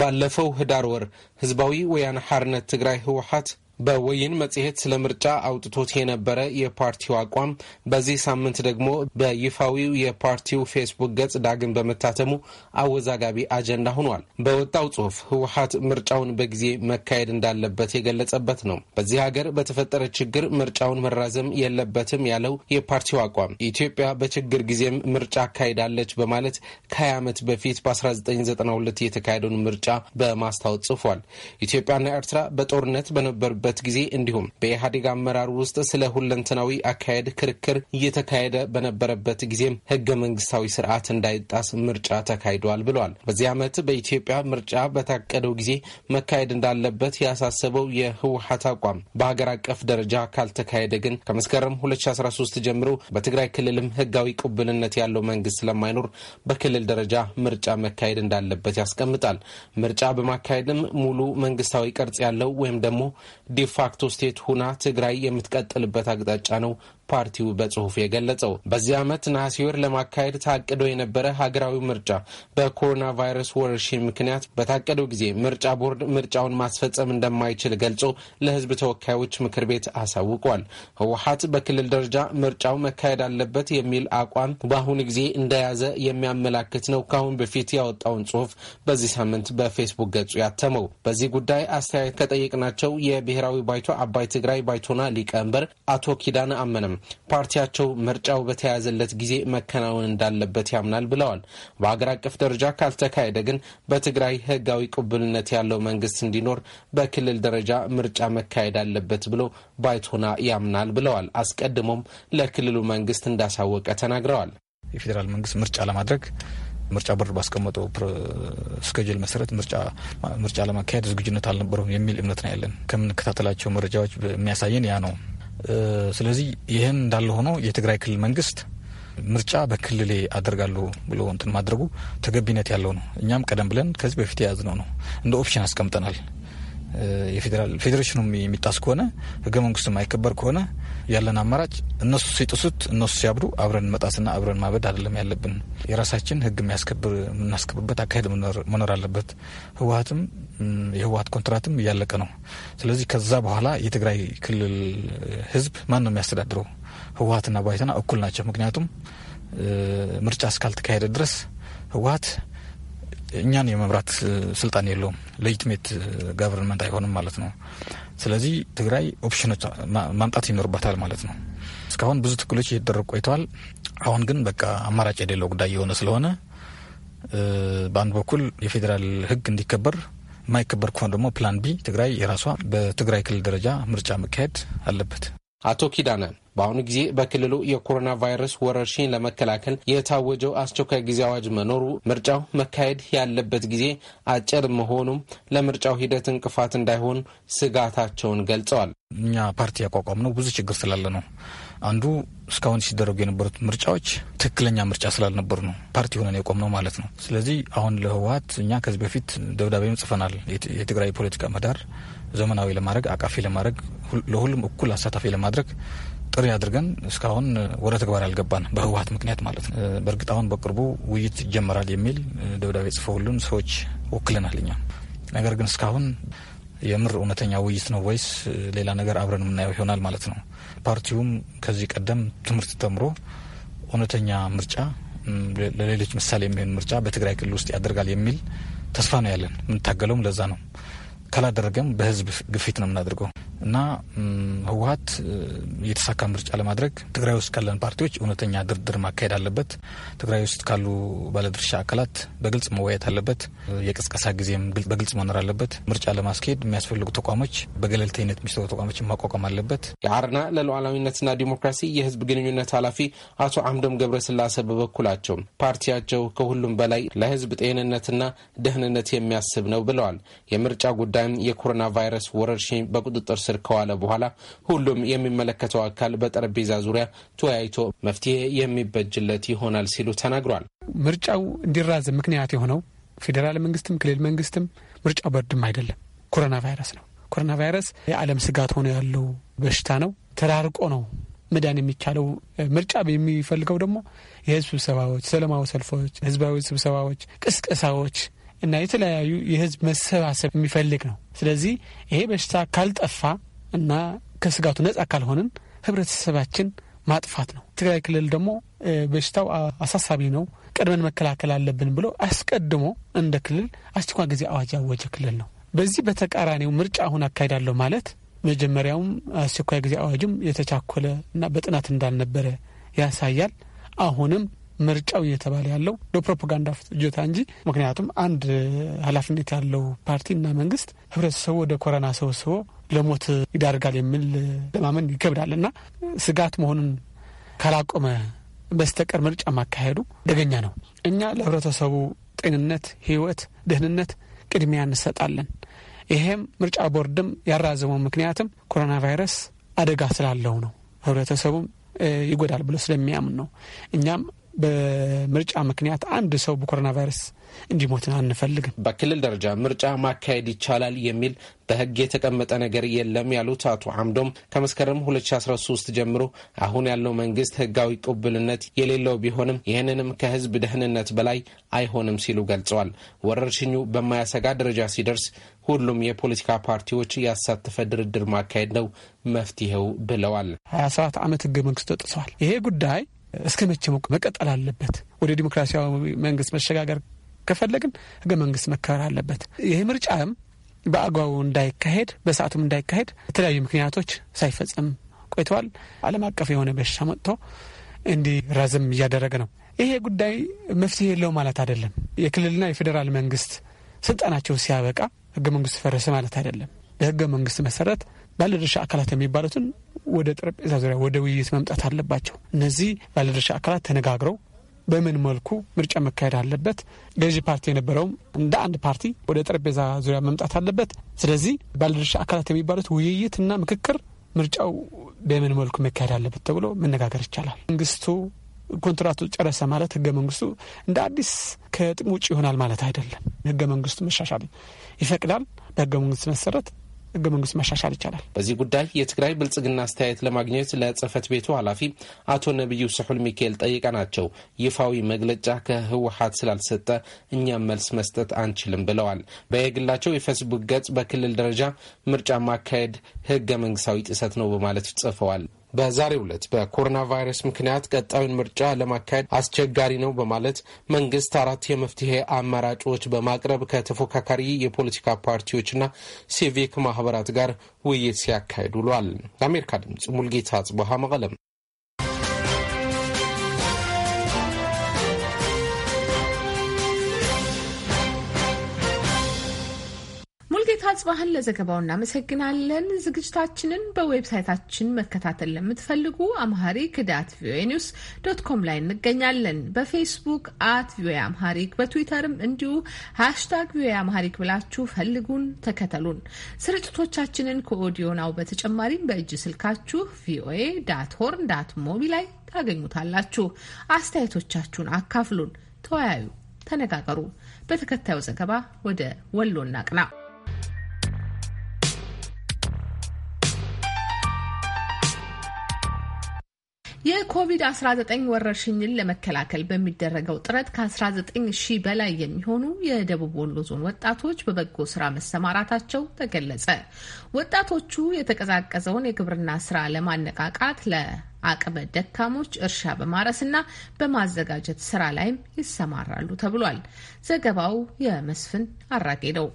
ባለፈው ህዳር ወር ህዝባዊ ወያነ ሓርነት ትግራይ ህወሓት በወይን መጽሔት ስለ ምርጫ አውጥቶት የነበረ የፓርቲው አቋም በዚህ ሳምንት ደግሞ በይፋዊው የፓርቲው ፌስቡክ ገጽ ዳግም በመታተሙ አወዛጋቢ አጀንዳ ሆኗል። በወጣው ጽሁፍ ህወሀት ምርጫውን በጊዜ መካሄድ እንዳለበት የገለጸበት ነው። በዚህ ሀገር በተፈጠረ ችግር ምርጫውን መራዘም የለበትም ያለው የፓርቲው አቋም ኢትዮጵያ በችግር ጊዜም ምርጫ አካሂዳለች በማለት ከ20 ዓመት በፊት በ1992 የተካሄደውን ምርጫ በማስታወስ ጽፏል። ኢትዮጵያና ኤርትራ በጦርነት በነበሩበት በነበረበት ጊዜ እንዲሁም በኢህአዴግ አመራር ውስጥ ስለ ሁለንተናዊ አካሄድ ክርክር እየተካሄደ በነበረበት ጊዜም ህገ መንግስታዊ ስርዓት እንዳይጣስ ምርጫ ተካሂዷል ብለዋል። በዚህ ዓመት በኢትዮጵያ ምርጫ በታቀደው ጊዜ መካሄድ እንዳለበት ያሳሰበው የህወሀት አቋም በሀገር አቀፍ ደረጃ ካልተካሄደ ግን ከመስከረም 2013 ጀምሮ በትግራይ ክልልም ህጋዊ ቅቡልነት ያለው መንግስት ስለማይኖር በክልል ደረጃ ምርጫ መካሄድ እንዳለበት ያስቀምጣል። ምርጫ በማካሄድም ሙሉ መንግስታዊ ቅርጽ ያለው ወይም ደግሞ ዲፋክቶ ስቴት ሁና ትግራይ የምትቀጥልበት አቅጣጫ ነው ፓርቲው በጽሁፍ የገለጸው። በዚህ ዓመት ነሐሴ ወር ለማካሄድ ታቅዶ የነበረ ሀገራዊ ምርጫ በኮሮና ቫይረስ ወረርሽኝ ምክንያት በታቀደው ጊዜ ምርጫ ቦርድ ምርጫውን ማስፈጸም እንደማይችል ገልጾ ለህዝብ ተወካዮች ምክር ቤት አሳውቋል። ህወሀት በክልል ደረጃ ምርጫው መካሄድ አለበት የሚል አቋም በአሁኑ ጊዜ እንደያዘ የሚያመላክት ነው። ከአሁን በፊት ያወጣውን ጽሁፍ በዚህ ሳምንት በፌስቡክ ገጹ ያተመው በዚህ ጉዳይ አስተያየት ከጠየቅናቸው የብሔራዊ ባይቶ አባይ ትግራይ ባይቶና ሊቀመንበር አቶ ኪዳነ አመነም ፓርቲያቸው ምርጫው በተያያዘለት ጊዜ መከናወን እንዳለበት ያምናል ብለዋል። በሀገር አቀፍ ደረጃ ካልተካሄደ ግን በትግራይ ህጋዊ ቅቡልነት ያለው መንግስት እንዲኖር በክልል ደረጃ ምርጫ መካሄድ አለበት ብሎ ባይቶና ያምናል ብለዋል። አስቀድሞም ለክልሉ መንግስት እንዳሳወቀ ተናግረዋል። የፌዴራል መንግስት ምርጫ ለማድረግ ምርጫ ቦርድ ባስቀመጠው ስኬጁል መሰረት ምርጫ ለማካሄድ ዝግጁነት አልነበረም የሚል እምነት ነው ያለን። ከምንከታተላቸው መረጃዎች የሚያሳየን ያ ነው። ስለዚህ ይህን እንዳለ ሆኖ የትግራይ ክልል መንግስት ምርጫ በክልሌ አደርጋለሁ ብሎ እንትን ማድረጉ ተገቢነት ያለው ነው። እኛም ቀደም ብለን ከዚህ በፊት የያዝነው ነው እንደ ኦፕሽን አስቀምጠናል። የፌዴራል ፌዴሬሽኑ የሚጣስ ከሆነ ህገ መንግስቱ የማይከበር ከሆነ ያለን አማራጭ እነሱ ሲጥሱት እነሱ ሲያብዱ አብረን መጣስና አብረን ማበድ አይደለም ያለብን። የራሳችን ህግ የሚያስከብር የምናስከብርበት አካሄድ መኖር አለበት። ህወሀትም የህወሀት ኮንትራትም እያለቀ ነው። ስለዚህ ከዛ በኋላ የትግራይ ክልል ህዝብ ማን ነው የሚያስተዳድረው? ህወሀትና ባይተና እኩል ናቸው። ምክንያቱም ምርጫ እስካልተካሄደ ድረስ ህወሀት እኛን የመምራት ስልጣን የለውም። ለኢትሜት ጋቨርንመንት አይሆንም ማለት ነው። ስለዚህ ትግራይ ኦፕሽኖች ማምጣት ይኖርባታል ማለት ነው። እስካሁን ብዙ ትክሎች እየተደረጉ ቆይተዋል። አሁን ግን በቃ አማራጭ የሌለው ጉዳይ የሆነ ስለሆነ በአንድ በኩል የፌዴራል ህግ እንዲከበር የማይከበር ከሆነ ደግሞ ፕላን ቢ ትግራይ የራሷ በትግራይ ክልል ደረጃ ምርጫ መካሄድ አለበት። አቶ ኪዳነን በአሁኑ ጊዜ በክልሉ የኮሮና ቫይረስ ወረርሽኝ ለመከላከል የታወጀው አስቸኳይ ጊዜ አዋጅ መኖሩ ምርጫው መካሄድ ያለበት ጊዜ አጭር መሆኑም ለምርጫው ሂደት እንቅፋት እንዳይሆን ስጋታቸውን ገልጸዋል። እኛ ፓርቲ ያቋቋምነው ብዙ ችግር ስላለ ነው። አንዱ እስካሁን ሲደረጉ የነበሩት ምርጫዎች ትክክለኛ ምርጫ ስላልነበሩ ነው። ፓርቲ ሆነን የቆምነው ማለት ነው። ስለዚህ አሁን ለህወሀት እኛ ከዚህ በፊት ደብዳቤም ጽፈናል። የትግራይ ፖለቲካ ምህዳር ዘመናዊ ለማድረግ አቃፊ ለማድረግ ለሁሉም እኩል አሳታፊ ለማድረግ ጥሪ አድርገን እስካሁን ወደ ተግባር አልገባን በህወሀት ምክንያት ማለት ነው። በእርግጥ አሁን በቅርቡ ውይይት ይጀመራል የሚል ደብዳቤ ሁሉን ሰዎች ወክለናል እኛ። ነገር ግን እስካሁን የምር እውነተኛ ውይይት ነው ወይስ ሌላ ነገር አብረን የምናየው ይሆናል ማለት ነው። ፓርቲውም ከዚህ ቀደም ትምህርት ተምሮ እውነተኛ ምርጫ ለሌሎች ምሳሌ የሚሆን ምርጫ በትግራይ ክልል ውስጥ ያደርጋል የሚል ተስፋ ነው ያለን። የምንታገለውም ለዛ ነው። ካላደረገም በህዝብ ግፊት ነው የምናደርገው። እና ህወሀት የተሳካ ምርጫ ለማድረግ ትግራይ ውስጥ ካለን ፓርቲዎች እውነተኛ ድርድር ማካሄድ አለበት። ትግራይ ውስጥ ካሉ ባለድርሻ አካላት በግልጽ መወያየት አለበት። የቅስቀሳ ጊዜም በግልጽ መኖር አለበት። ምርጫ ለማስካሄድ የሚያስፈልጉ ተቋሞች በገለልተኝነት የሚሰሩ ተቋሞችን ማቋቋም አለበት። የአርና ለሉዓላዊነትና ዲሞክራሲ የህዝብ ግንኙነት ኃላፊ አቶ አምዶም ገብረስላሴ በበኩላቸው ፓርቲያቸው ከሁሉም በላይ ለህዝብ ጤንነትና ደህንነት የሚያስብ ነው ብለዋል። የምርጫ ጉዳይም የኮሮና ቫይረስ ወረርሽኝ በቁጥጥር ስር ስር ከዋለ በኋላ ሁሉም የሚመለከተው አካል በጠረጴዛ ዙሪያ ተወያይቶ መፍትሄ የሚበጅለት ይሆናል ሲሉ ተናግሯል። ምርጫው እንዲራዘም ምክንያት የሆነው ፌዴራል መንግስትም ክልል መንግስትም ምርጫው በርድም አይደለም፣ ኮሮና ቫይረስ ነው። ኮሮና ቫይረስ የዓለም ስጋት ሆኖ ያለው በሽታ ነው። ተራርቆ ነው መዳን የሚቻለው። ምርጫ የሚፈልገው ደግሞ የህዝብ ስብሰባዎች፣ ሰለማዊ ሰልፎች፣ ህዝባዊ ስብሰባዎች፣ ቅስቀሳዎች እና የተለያዩ የህዝብ መሰባሰብ የሚፈልግ ነው። ስለዚህ ይሄ በሽታ ካልጠፋ እና ከስጋቱ ነጻ ካልሆንን ህብረተሰባችን ማጥፋት ነው። ትግራይ ክልል ደግሞ በሽታው አሳሳቢ ነው፣ ቀድመን መከላከል አለብን ብሎ አስቀድሞ እንደ ክልል አስቸኳይ ጊዜ አዋጅ ያወጀ ክልል ነው። በዚህ በተቃራኒው ምርጫ አሁን አካሄዳለሁ ማለት መጀመሪያውም አስቸኳይ ጊዜ አዋጅም የተቻኮለ እና በጥናት እንዳልነበረ ያሳያል። አሁንም ምርጫው እየተባለ ያለው ለፕሮፓጋንዳ ፍጆታ እንጂ ምክንያቱም አንድ ኃላፊነት ያለው ፓርቲ እና መንግስት ህብረተሰቡ ወደ ኮረና ሰብስቦ ለሞት ይዳርጋል የሚል ለማመን ይከብዳል እና ስጋት መሆኑን ካላቆመ በስተቀር ምርጫ ማካሄዱ ደገኛ ነው። እኛ ለህብረተሰቡ ጤንነት፣ ህይወት፣ ደህንነት ቅድሚያ እንሰጣለን። ይሄም ምርጫ ቦርድም ያራዘመው ምክንያትም ኮሮና ቫይረስ አደጋ ስላለው ነው። ህብረተሰቡም ይጎዳል ብሎ ስለሚያምን ነው። እኛም በምርጫ ምክንያት አንድ ሰው በኮሮና ቫይረስ እንዲሞትን አንፈልግም። በክልል ደረጃ ምርጫ ማካሄድ ይቻላል የሚል በሕግ የተቀመጠ ነገር የለም ያሉት አቶ አምዶም ከመስከረም 2013 ጀምሮ አሁን ያለው መንግስት ሕጋዊ ቅቡልነት የሌለው ቢሆንም ይህንንም ከሕዝብ ደህንነት በላይ አይሆንም ሲሉ ገልጸዋል። ወረርሽኙ በማያሰጋ ደረጃ ሲደርስ ሁሉም የፖለቲካ ፓርቲዎች ያሳተፈ ድርድር ማካሄድ ነው መፍትሄው ብለዋል። 27 ዓመት ሕገ መንግስት ተጥሷል። ይሄ ጉዳይ እስከ መቼ መቀጠል አለበት? ወደ ዲሞክራሲያዊ መንግስት መሸጋገር ከፈለግን ህገ መንግስት መከበር አለበት። ይህ ምርጫም በአግባቡ እንዳይካሄድ በሰዓቱም እንዳይካሄድ የተለያዩ ምክንያቶች ሳይፈጸም ቆይተዋል። ዓለም አቀፍ የሆነ በሽታ መጥቶ እንዲራዘም እያደረገ ነው። ይሄ ጉዳይ መፍትሄ የለው ማለት አይደለም። የክልልና የፌዴራል መንግስት ስልጣናቸው ሲያበቃ ህገ መንግስት ፈረሰ ማለት አይደለም። በህገ መንግስት መሰረት ባለድርሻ አካላት የሚባሉትን ወደ ጠረጴዛ ዙሪያ ወደ ውይይት መምጣት አለባቸው። እነዚህ ባለድርሻ አካላት ተነጋግረው በምን መልኩ ምርጫ መካሄድ አለበት። ገዢ ፓርቲ የነበረውም እንደ አንድ ፓርቲ ወደ ጠረጴዛ ዙሪያ መምጣት አለበት። ስለዚህ ባለድርሻ አካላት የሚባሉት ውይይትና ምክክር ምርጫው በምን መልኩ መካሄድ አለበት ተብሎ መነጋገር ይቻላል። መንግስቱ ኮንትራቱ ጨረሰ ማለት ህገ መንግስቱ እንደ አዲስ ከጥቅም ውጭ ይሆናል ማለት አይደለም። ህገ መንግስቱ መሻሻል ይፈቅዳል። በህገ መንግስት መሰረት ህገ መንግስት መሻሻል ይቻላል። በዚህ ጉዳይ የትግራይ ብልጽግና አስተያየት ለማግኘት ለጽህፈት ቤቱ ኃላፊ አቶ ነቢዩ ስሑል ሚካኤል ጠይቀናቸው ይፋዊ መግለጫ ከህወሀት ስላልሰጠ እኛም መልስ መስጠት አንችልም ብለዋል። በየግላቸው የፌስቡክ ገጽ በክልል ደረጃ ምርጫ ማካሄድ ህገ መንግስታዊ ጥሰት ነው በማለት ጽፈዋል። በዛሬው ዕለት በኮሮና ቫይረስ ምክንያት ቀጣዩን ምርጫ ለማካሄድ አስቸጋሪ ነው በማለት መንግስት አራት የመፍትሄ አማራጮች በማቅረብ ከተፎካካሪ የፖለቲካ ፓርቲዎችና ሲቪክ ማህበራት ጋር ውይይት ሲያካሂድ ውሏል። ለአሜሪካ ድምጽ ሙልጌታ ጽቡሃ መቀለም አጽባህን ለዘገባው እናመሰግናለን። ዝግጅታችንን በዌብሳይታችን መከታተል ለምትፈልጉ አምሃሪክ ዳት ቪኦኤ ኒውስ ዶት ኮም ላይ እንገኛለን። በፌስቡክ አት ቪኦኤ አምሃሪክ፣ በትዊተርም እንዲሁ ሃሽታግ ቪኦኤ አምሃሪክ ብላችሁ ፈልጉን፣ ተከተሉን። ስርጭቶቻችንን ከኦዲዮ ናው በተጨማሪም በእጅ ስልካችሁ ቪኦኤ ዳት ሆርን ዳት ሞቢ ላይ ታገኙታላችሁ። አስተያየቶቻችሁን አካፍሉን፣ ተወያዩ፣ ተነጋገሩ። በተከታዩ ዘገባ ወደ ወሎ እናቅናው። የኮቪድ-19 ወረርሽኝን ለመከላከል በሚደረገው ጥረት ከ19 ሺህ በላይ የሚሆኑ የደቡብ ወሎ ዞን ወጣቶች በበጎ ስራ መሰማራታቸው ተገለጸ። ወጣቶቹ የተቀዛቀዘውን የግብርና ስራ ለማነቃቃት ለአቅመ ደካሞች እርሻ በማረስና በማዘጋጀት ስራ ላይም ይሰማራሉ ተብሏል። ዘገባው የመስፍን አራጌ ነው።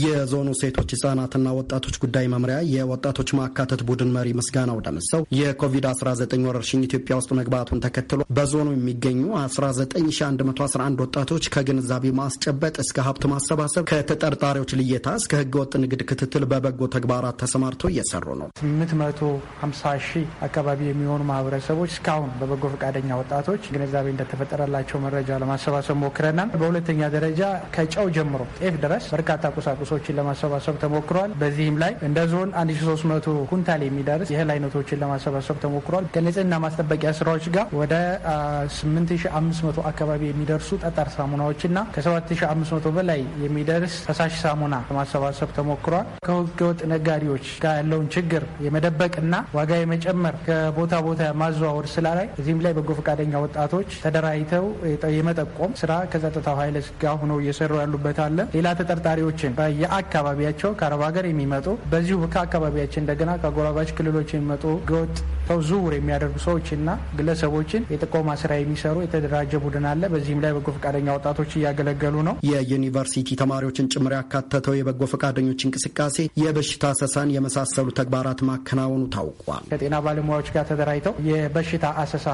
የዞኑ ሴቶች ህጻናትና ወጣቶች ጉዳይ መምሪያ የወጣቶች ማካተት ቡድን መሪ ምስጋናው ደምሰው የኮቪድ-19 ወረርሽኝ ኢትዮጵያ ውስጥ መግባቱን ተከትሎ በዞኑ የሚገኙ 19111 ወጣቶች ከግንዛቤ ማስጨበጥ እስከ ሀብት ማሰባሰብ ከተጠርጣሪዎች ልየታ እስከ ህገወጥ ንግድ ክትትል በበጎ ተግባራት ተሰማርተው እየሰሩ ነው። 850 ሺህ አካባቢ የሚሆኑ ማህበረሰቦች እስካሁን በበጎ ፈቃደኛ ወጣቶች ግንዛቤ እንደተፈጠረላቸው መረጃ ለማሰባሰብ ሞክረናል። በሁለተኛ ደረጃ ከጨው ጀምሮ ጤፍ ድረስ በርካታ ቁሳቁ ቁሶችን ለማሰባሰብ ተሞክሯል። በዚህም ላይ እንደ ዞን 1300 ኩንታል የሚደርስ የእህል አይነቶችን ለማሰባሰብ ተሞክሯል። ከንጽህና ማስጠበቂያ ስራዎች ጋር ወደ 8500 አካባቢ የሚደርሱ ጠጣር ሳሙናዎችና ከ7500 በላይ የሚደርስ ፈሳሽ ሳሙና ለማሰባሰብ ተሞክሯል። ከህገወጥ ነጋዴዎች ጋር ያለውን ችግር የመደበቅና ዋጋ የመጨመር ከቦታ ቦታ ማዘዋወር ስራ ላይ እዚህም ላይ በጎ ፈቃደኛ ወጣቶች ተደራጅተው የመጠቆም ስራ ከጸጥታው ኃይል ጋር ሆነው እየሰሩ ያሉበት አለ። ሌላ ተጠርጣሪዎችን ከየአካባቢያቸው ከአረብ ሀገር የሚመጡ በዚሁ ከአካባቢያችን እንደገና ከጎራባች ክልሎች የሚመጡ ህገወጥ ተው ዝውውር የሚያደርጉ ሰዎችና ግለሰቦችን የጥቆማ ስራ የሚሰሩ የተደራጀ ቡድን አለ። በዚህም ላይ በጎ ፈቃደኛ ወጣቶች እያገለገሉ ነው። የዩኒቨርሲቲ ተማሪዎችን ጭምር ያካተተው የበጎ ፈቃደኞች እንቅስቃሴ የበሽታ አሰሳን የመሳሰሉ ተግባራት ማከናወኑ ታውቋል። ከጤና ባለሙያዎች ጋር ተደራጅተው የበሽታ አሰሳ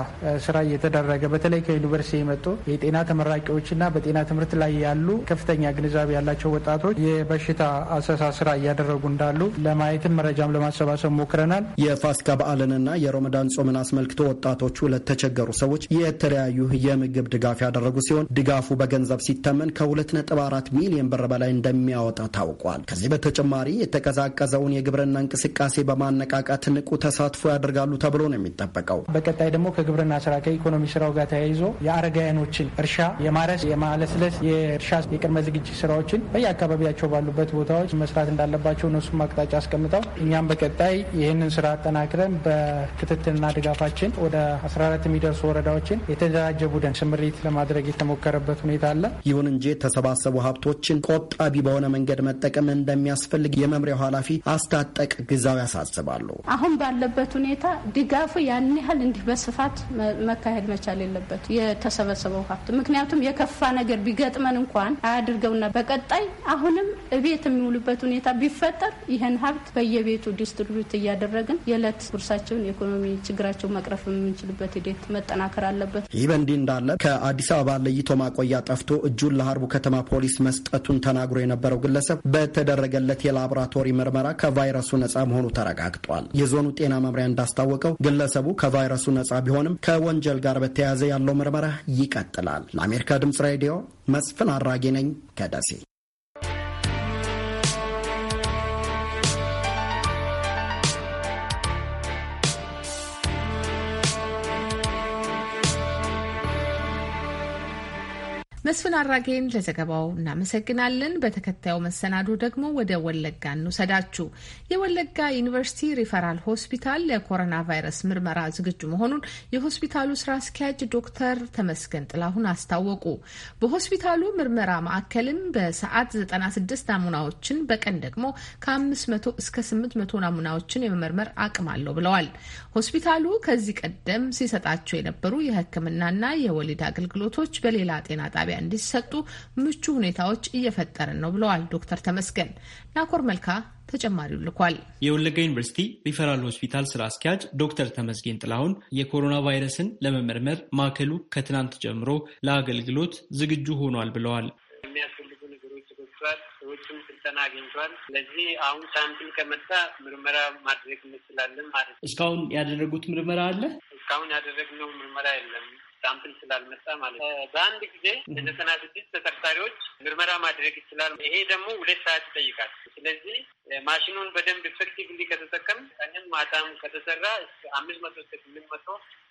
ስራ እየተደረገ በተለይ ከዩኒቨርሲቲ የመጡ የጤና ተመራቂዎችና በጤና ትምህርት ላይ ያሉ ከፍተኛ ግንዛቤ ያላቸው ወጣቶች የበሽታ አሰሳ ስራ እያደረጉ እንዳሉ ለማየትም መረጃም ለማሰባሰብ ሞክረናል። የፋሲካ በዓልንና የሮመዳን ጾምን አስመልክቶ ወጣቶቹ ለተቸገሩ ሰዎች የተለያዩ የምግብ ድጋፍ ያደረጉ ሲሆን ድጋፉ በገንዘብ ሲተመን ከ2.4 ሚሊዮን ብር በላይ እንደሚያወጣ ታውቋል። ከዚህ በተጨማሪ የተቀዛቀዘውን የግብርና እንቅስቃሴ በማነቃቃት ንቁ ተሳትፎ ያደርጋሉ ተብሎ ነው የሚጠበቀው። በቀጣይ ደግሞ ከግብርና ስራ ከኢኮኖሚ ስራው ጋር ተያይዞ የአረጋያኖችን እርሻ የማረስ የማለስለስ የእርሻ የቅድመ ዝግጅት ስራዎችን በየአካባቢያቸው እየተሰማራቸው ባሉበት ቦታዎች መስራት እንዳለባቸው እነሱም አቅጣጫ አስቀምጠው እኛም በቀጣይ ይህንን ስራ አጠናክረን በክትትልና ድጋፋችን ወደ 14 የሚደርሱ ወረዳዎችን የተደራጀ ቡድን ስምሪት ለማድረግ የተሞከረበት ሁኔታ አለ። ይሁን እንጂ የተሰባሰቡ ሀብቶችን ቆጣቢ በሆነ መንገድ መጠቀም እንደሚያስፈልግ የመምሪያው ኃላፊ አስታጠቅ ግዛው ያሳስባሉ። አሁን ባለበት ሁኔታ ድጋፉ ያን ያህል እንዲህ በስፋት መካሄድ መቻል የለበት የተሰበሰበው ሀብት ምክንያቱም የከፋ ነገር ቢገጥመን እንኳን አያድርገውና በቀጣይ አሁንም እቤት የሚውሉበት ሁኔታ ቢፈጠር ይህን ሀብት በየቤቱ ዲስትሪቢዩት እያደረግን የዕለት ጉርሳቸውን የኢኮኖሚ ችግራቸውን መቅረፍ የምንችልበት ሂደት መጠናከር አለበት። ይህ በእንዲህ እንዳለ ከአዲስ አበባ ለይቶ ማቆያ ጠፍቶ እጁን ለሀርቡ ከተማ ፖሊስ መስጠቱን ተናግሮ የነበረው ግለሰብ በተደረገለት የላቦራቶሪ ምርመራ ከቫይረሱ ነጻ መሆኑ ተረጋግጧል። የዞኑ ጤና መምሪያ እንዳስታወቀው ግለሰቡ ከቫይረሱ ነጻ ቢሆንም ከወንጀል ጋር በተያያዘ ያለው ምርመራ ይቀጥላል። ለአሜሪካ ድምጽ ሬዲዮ መስፍን አራጌ ነኝ ከደሴ። መስፍን አራጌን ለዘገባው እናመሰግናለን። በተከታዩ መሰናዶ ደግሞ ወደ ወለጋ እንውሰዳችሁ። የወለጋ ዩኒቨርሲቲ ሪፈራል ሆስፒታል ለኮሮና ቫይረስ ምርመራ ዝግጁ መሆኑን የሆስፒታሉ ስራ አስኪያጅ ዶክተር ተመስገን ጥላሁን አስታወቁ። በሆስፒታሉ ምርመራ ማዕከልም በሰዓት 96 ናሙናዎችን በቀን ደግሞ ከ500 እስከ 800 ናሙናዎችን የመመርመር አቅም አለው ብለዋል። ሆስፒታሉ ከዚህ ቀደም ሲሰጣቸው የነበሩ የሕክምናና የወሊድ አገልግሎቶች በሌላ ጤና ጣቢያ እንዲሰጡ ምቹ ሁኔታዎች እየፈጠርን ነው ብለዋል ዶክተር ተመስገን። ናኮር መልካ ተጨማሪው ልኳል። የወለጋ ዩኒቨርሲቲ ሪፈራል ሆስፒታል ስራ አስኪያጅ ዶክተር ተመስገን ጥላሁን የኮሮና ቫይረስን ለመመርመር ማዕከሉ ከትናንት ጀምሮ ለአገልግሎት ዝግጁ ሆኗል ብለዋል። የሚያስፈልጉ ነገሮች ተገዝቷል። ሰዎችም ስልጠና አግኝቷል። ስለዚህ አሁን ሳምፕል ከመጣ ምርመራ ማድረግ እንችላለን ማለት ነው። እስካሁን ያደረጉት ምርመራ አለ? እስካሁን ያደረግነው ምርመራ የለም። ሳምፕል ስላልመጣ ማለት ነው። በአንድ ጊዜ ለዘጠና ስድስት ተጠርጣሪዎች ምርመራ ማድረግ ይችላል። ይሄ ደግሞ ሁለት ሰዓት ይጠይቃል። ስለዚህ ማሽኑን በደንብ ኢፌክቲቭሊ ከተጠቀም ቀንም ማታም ከተሰራ እስከ አምስት መቶ እስከ ስምንት መቶ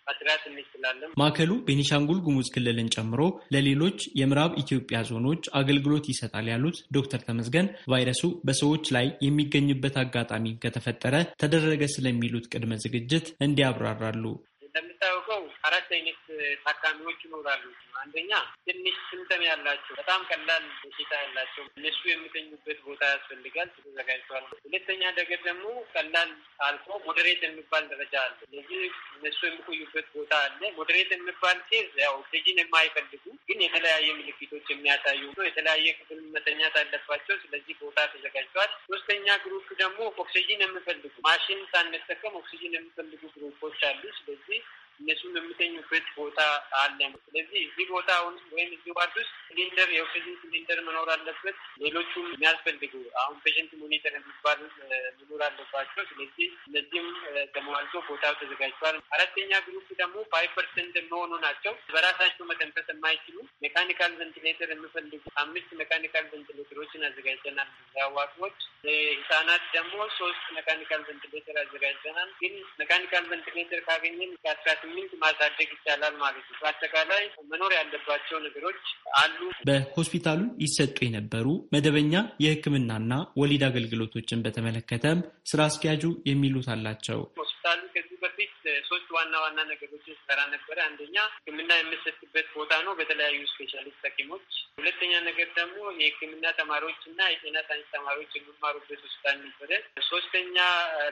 መስራት እንችላለን። ማዕከሉ ቤኒሻንጉል ጉሙዝ ክልልን ጨምሮ ለሌሎች የምዕራብ ኢትዮጵያ ዞኖች አገልግሎት ይሰጣል ያሉት ዶክተር ተመስገን ቫይረሱ በሰዎች ላይ የሚገኝበት አጋጣሚ ከተፈጠረ ተደረገ ስለሚሉት ቅድመ ዝግጅት እንዲያብራራሉ። አራት አይነት ታካሚዎች ይኖራሉ። አንደኛ ትንሽ ስምተም ያላቸው በጣም ቀላል በሽታ ያላቸው እነሱ የሚገኙበት ቦታ ያስፈልጋል፣ ተዘጋጅቷል። ሁለተኛ ነገር ደግሞ ቀላል አልፎ ሞዴሬት የሚባል ደረጃ አለ። ስለዚህ እነሱ የሚቆዩበት ቦታ አለ። ሞዴሬት የሚባል ኬዝ ያው ኦክሲጅን የማይፈልጉ ግን የተለያየ ምልክቶች የሚያሳዩ የተለያየ ክፍል መተኛት አለባቸው። ስለዚህ ቦታ ተዘጋጅቷል። ሶስተኛ ግሩፕ ደግሞ ኦክሲጅን የሚፈልጉ ማሽን ሳንጠቀም ኦክሲጅን የሚፈልጉ ግሩፖች አሉ። ስለዚህ እነሱም የምተኙበት ቦታ አለ። ስለዚህ እዚህ ቦታ ወይም እዚህ ዋርድ ውስጥ ሲሊንደር የኦክሲጅን ሲሊንደር መኖር አለበት። ሌሎቹም የሚያስፈልጉ አሁን ፔሽንት ሞኒተር የሚባሉ መኖር አለባቸው። ስለዚህ እነዚህም ተሟልቶ ቦታው ተዘጋጅቷል። አራተኛ ግሩፕ ደግሞ ፋይቭ ፐርሰንት የሚሆኑ ናቸው። በራሳቸው መተንፈስ የማይችሉ ሜካኒካል ቬንቲሌተር የሚፈልጉ አምስት ሜካኒካል ቬንቲሌተሮችን አዘጋጅተናል። ለአዋቂዎች ህጻናት ደግሞ ሶስት ሜካኒካል ቬንቲሌተር አዘጋጅተናል። ግን ሜካኒካል ቬንቲሌተር ካገኘን ከአስራ ስሜት ማሳደግ ይቻላል ማለት ነው። በአጠቃላይ መኖር ያለባቸው ነገሮች አሉ። በሆስፒታሉ ይሰጡ የነበሩ መደበኛ የሕክምናና ወሊድ አገልግሎቶችን በተመለከተም ስራ አስኪያጁ የሚሉት አላቸው። ሆስፒታሉ ከዚህ ሶስት ዋና ዋና ነገሮች ሰራ ነበረ። አንደኛ ሕክምና የምሰጥበት ቦታ ነው በተለያዩ ስፔሻሊስት ሐኪሞች። ሁለተኛ ነገር ደግሞ የሕክምና ተማሪዎች እና የጤና ሳይንስ ተማሪዎች የሚማሩበት ሆስፒታል ነበረ። ሶስተኛ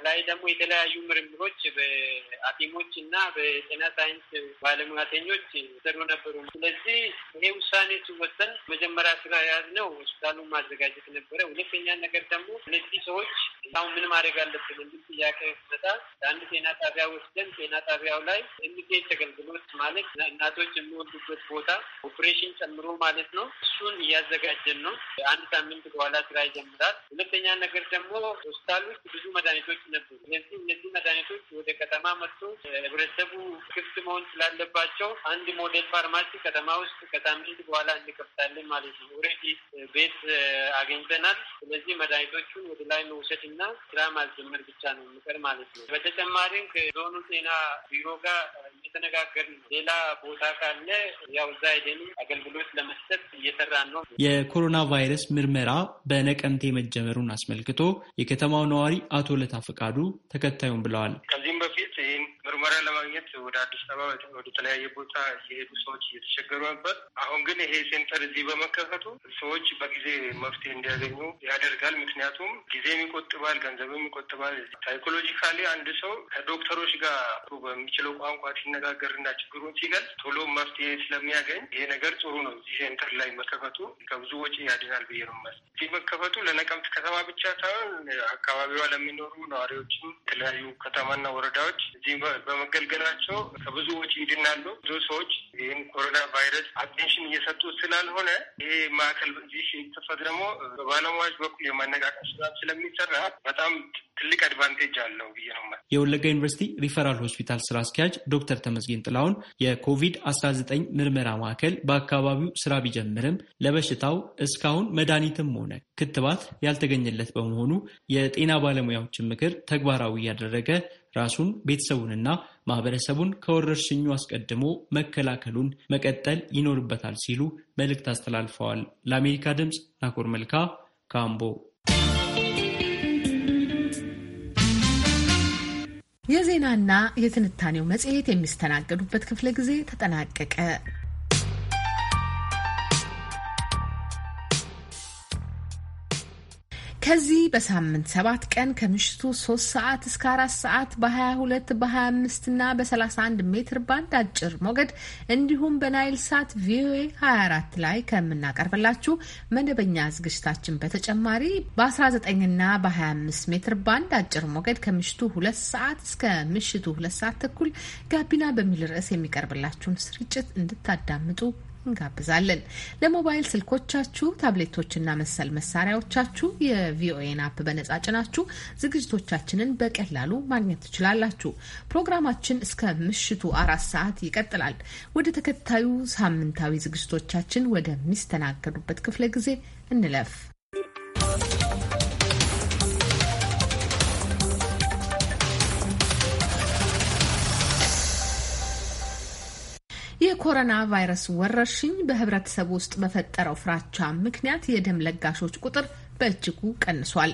ላይ ደግሞ የተለያዩ ምርምሮች በሐኪሞች እና በጤና ሳይንስ ባለሙያተኞች ሰሩ ነበሩ። ስለዚህ ይሄ ውሳኔ ሲወሰን መጀመሪያ ስራ የያዝነው ሆስፒታሉን ማዘጋጀት ነበረ። ሁለተኛ ነገር ደግሞ እነዚህ ሰዎች አሁን ምን ማድረግ አለብን የሚል ጥያቄ ይመጣል። ለአንድ ጤና ጣቢያ ወስደን ጤና ጣቢያው ላይ የሚገኝ አገልግሎት ማለት እናቶች የሚወልዱበት ቦታ ኦፕሬሽን ጨምሮ ማለት ነው። እሱን እያዘጋጀን ነው። አንድ ሳምንት በኋላ ስራ ይጀምራል። ሁለተኛ ነገር ደግሞ ሆስፒታል ውስጥ ብዙ መድኃኒቶች ነበሩ። ስለዚህ እነዚህ መድኃኒቶች ወደ ከተማ መጥቶ ህብረተሰቡ ክፍት መሆን ስላለባቸው አንድ ሞዴል ፋርማሲ ከተማ ውስጥ ከሳምንት በኋላ እንከፍታለን ማለት ነው። ኦልሬዲ ቤት አገኝተናል። ስለዚህ መድኃኒቶቹን ወደ ላይ መውሰድ እና ስራ ማስጀመር ብቻ ነው የሚቀር ማለት ነው። በተጨማሪም ከዞኑ ጤና ጤና ቢሮ ጋር እየተነጋገርን ነው። ሌላ ቦታ ካለ ያው እዛ ሄደን አገልግሎት ለመስጠት እየሰራን ነው። የኮሮና ቫይረስ ምርመራ በነቀምቴ መጀመሩን አስመልክቶ የከተማው ነዋሪ አቶ ለታ ፈቃዱ ተከታዩን ብለዋል። ከዚህም በፊት ይህን ምርመራ ለማግኘት ወደ አዲስ አበባ ወደ ተለያየ ቦታ የሄዱ ሰዎች እየተቸገሩ ነበር። አሁን ግን ይሄ ሴንተር እዚህ በመከፈቱ ሰዎች በጊዜ መፍትሄ እንዲያገኙ ያደርጋል። ምክንያቱም ጊዜም ይቆጥባል፣ ገንዘብም ይቆጥባል። ሳይኮሎጂካሊ አንድ ሰው ከዶክተሮች ጋር ተግባብቶ በሚችለው ቋንቋ ሲነጋገርና ችግሩን ሲገልጽ ቶሎ መፍትሄ ስለሚያገኝ ይሄ ነገር ጥሩ ነው። እዚህ ሴንተር ላይ መከፈቱ ከብዙ ወጪ ያድናል ብዬ ነው መስ እዚህ መከፈቱ ለነቀምት ከተማ ብቻ ሳይሆን አካባቢዋ ለሚኖሩ ነዋሪዎችም የተለያዩ ከተማና ወረዳዎች እዚህ በመገልገላቸው ከብዙ ወጪ ይድናሉ። ብዙ ሰዎች ይህን ኮሮና ቫይረስ አቴንሽን እየሰጡ ስላልሆነ ይሄ ማዕከል እዚህ ሲከፈት ደግሞ በባለሙያዎች በኩል የማነቃቀር ስራ ስለሚሰራ በጣም ትልቅ አድቫንቴጅ አለው ብዬ ነው። የወለጋ ዩኒቨርሲቲ ሪፈራል ሆስፒታል ስራ አስኪያጅ ዶክተር ተመስገን ጥላውን የኮቪድ-19 ምርመራ ማዕከል በአካባቢው ስራ ቢጀምርም ለበሽታው እስካሁን መድኃኒትም ሆነ ክትባት ያልተገኘለት በመሆኑ የጤና ባለሙያዎችን ምክር ተግባራዊ ያደረገ ራሱን ቤተሰቡንና ማህበረሰቡን ከወረርሽኙ አስቀድሞ መከላከሉን መቀጠል ይኖርበታል ሲሉ መልእክት አስተላልፈዋል። ለአሜሪካ ድምፅ ናኮር መልካ ካምቦ የዜናና የትንታኔው መጽሔት የሚስተናገዱበት ክፍለ ጊዜ ተጠናቀቀ። ከዚህ በሳምንት ሰባት ቀን ከምሽቱ ሶስት ሰዓት እስከ አራት ሰዓት በ22 በ25 እና በ31 ሜትር ባንድ አጭር ሞገድ እንዲሁም በናይል ሳት ቪኦኤ 24 ላይ ከምናቀርብላችሁ መደበኛ ዝግጅታችን በተጨማሪ በ19 እና በ25 ሜትር ባንድ አጭር ሞገድ ከምሽቱ ሁለት ሰዓት እስከ ምሽቱ ሁለት ሰዓት ተኩል ጋቢና በሚል ርዕስ የሚቀርብላችሁን ስርጭት እንድታዳምጡ እንጋብዛለን። ለሞባይል ስልኮቻችሁ፣ ታብሌቶችና መሰል መሳሪያዎቻችሁ የቪኦኤን አፕ በነጻ ጭናችሁ ዝግጅቶቻችንን በቀላሉ ማግኘት ትችላላችሁ። ፕሮግራማችን እስከ ምሽቱ አራት ሰዓት ይቀጥላል። ወደ ተከታዩ ሳምንታዊ ዝግጅቶቻችን ወደሚስተናገዱበት ክፍለ ጊዜ እንለፍ። የኮሮና ቫይረስ ወረርሽኝ በህብረተሰብ ውስጥ በፈጠረው ፍራቻ ምክንያት የደም ለጋሾች ቁጥር በእጅጉ ቀንሷል።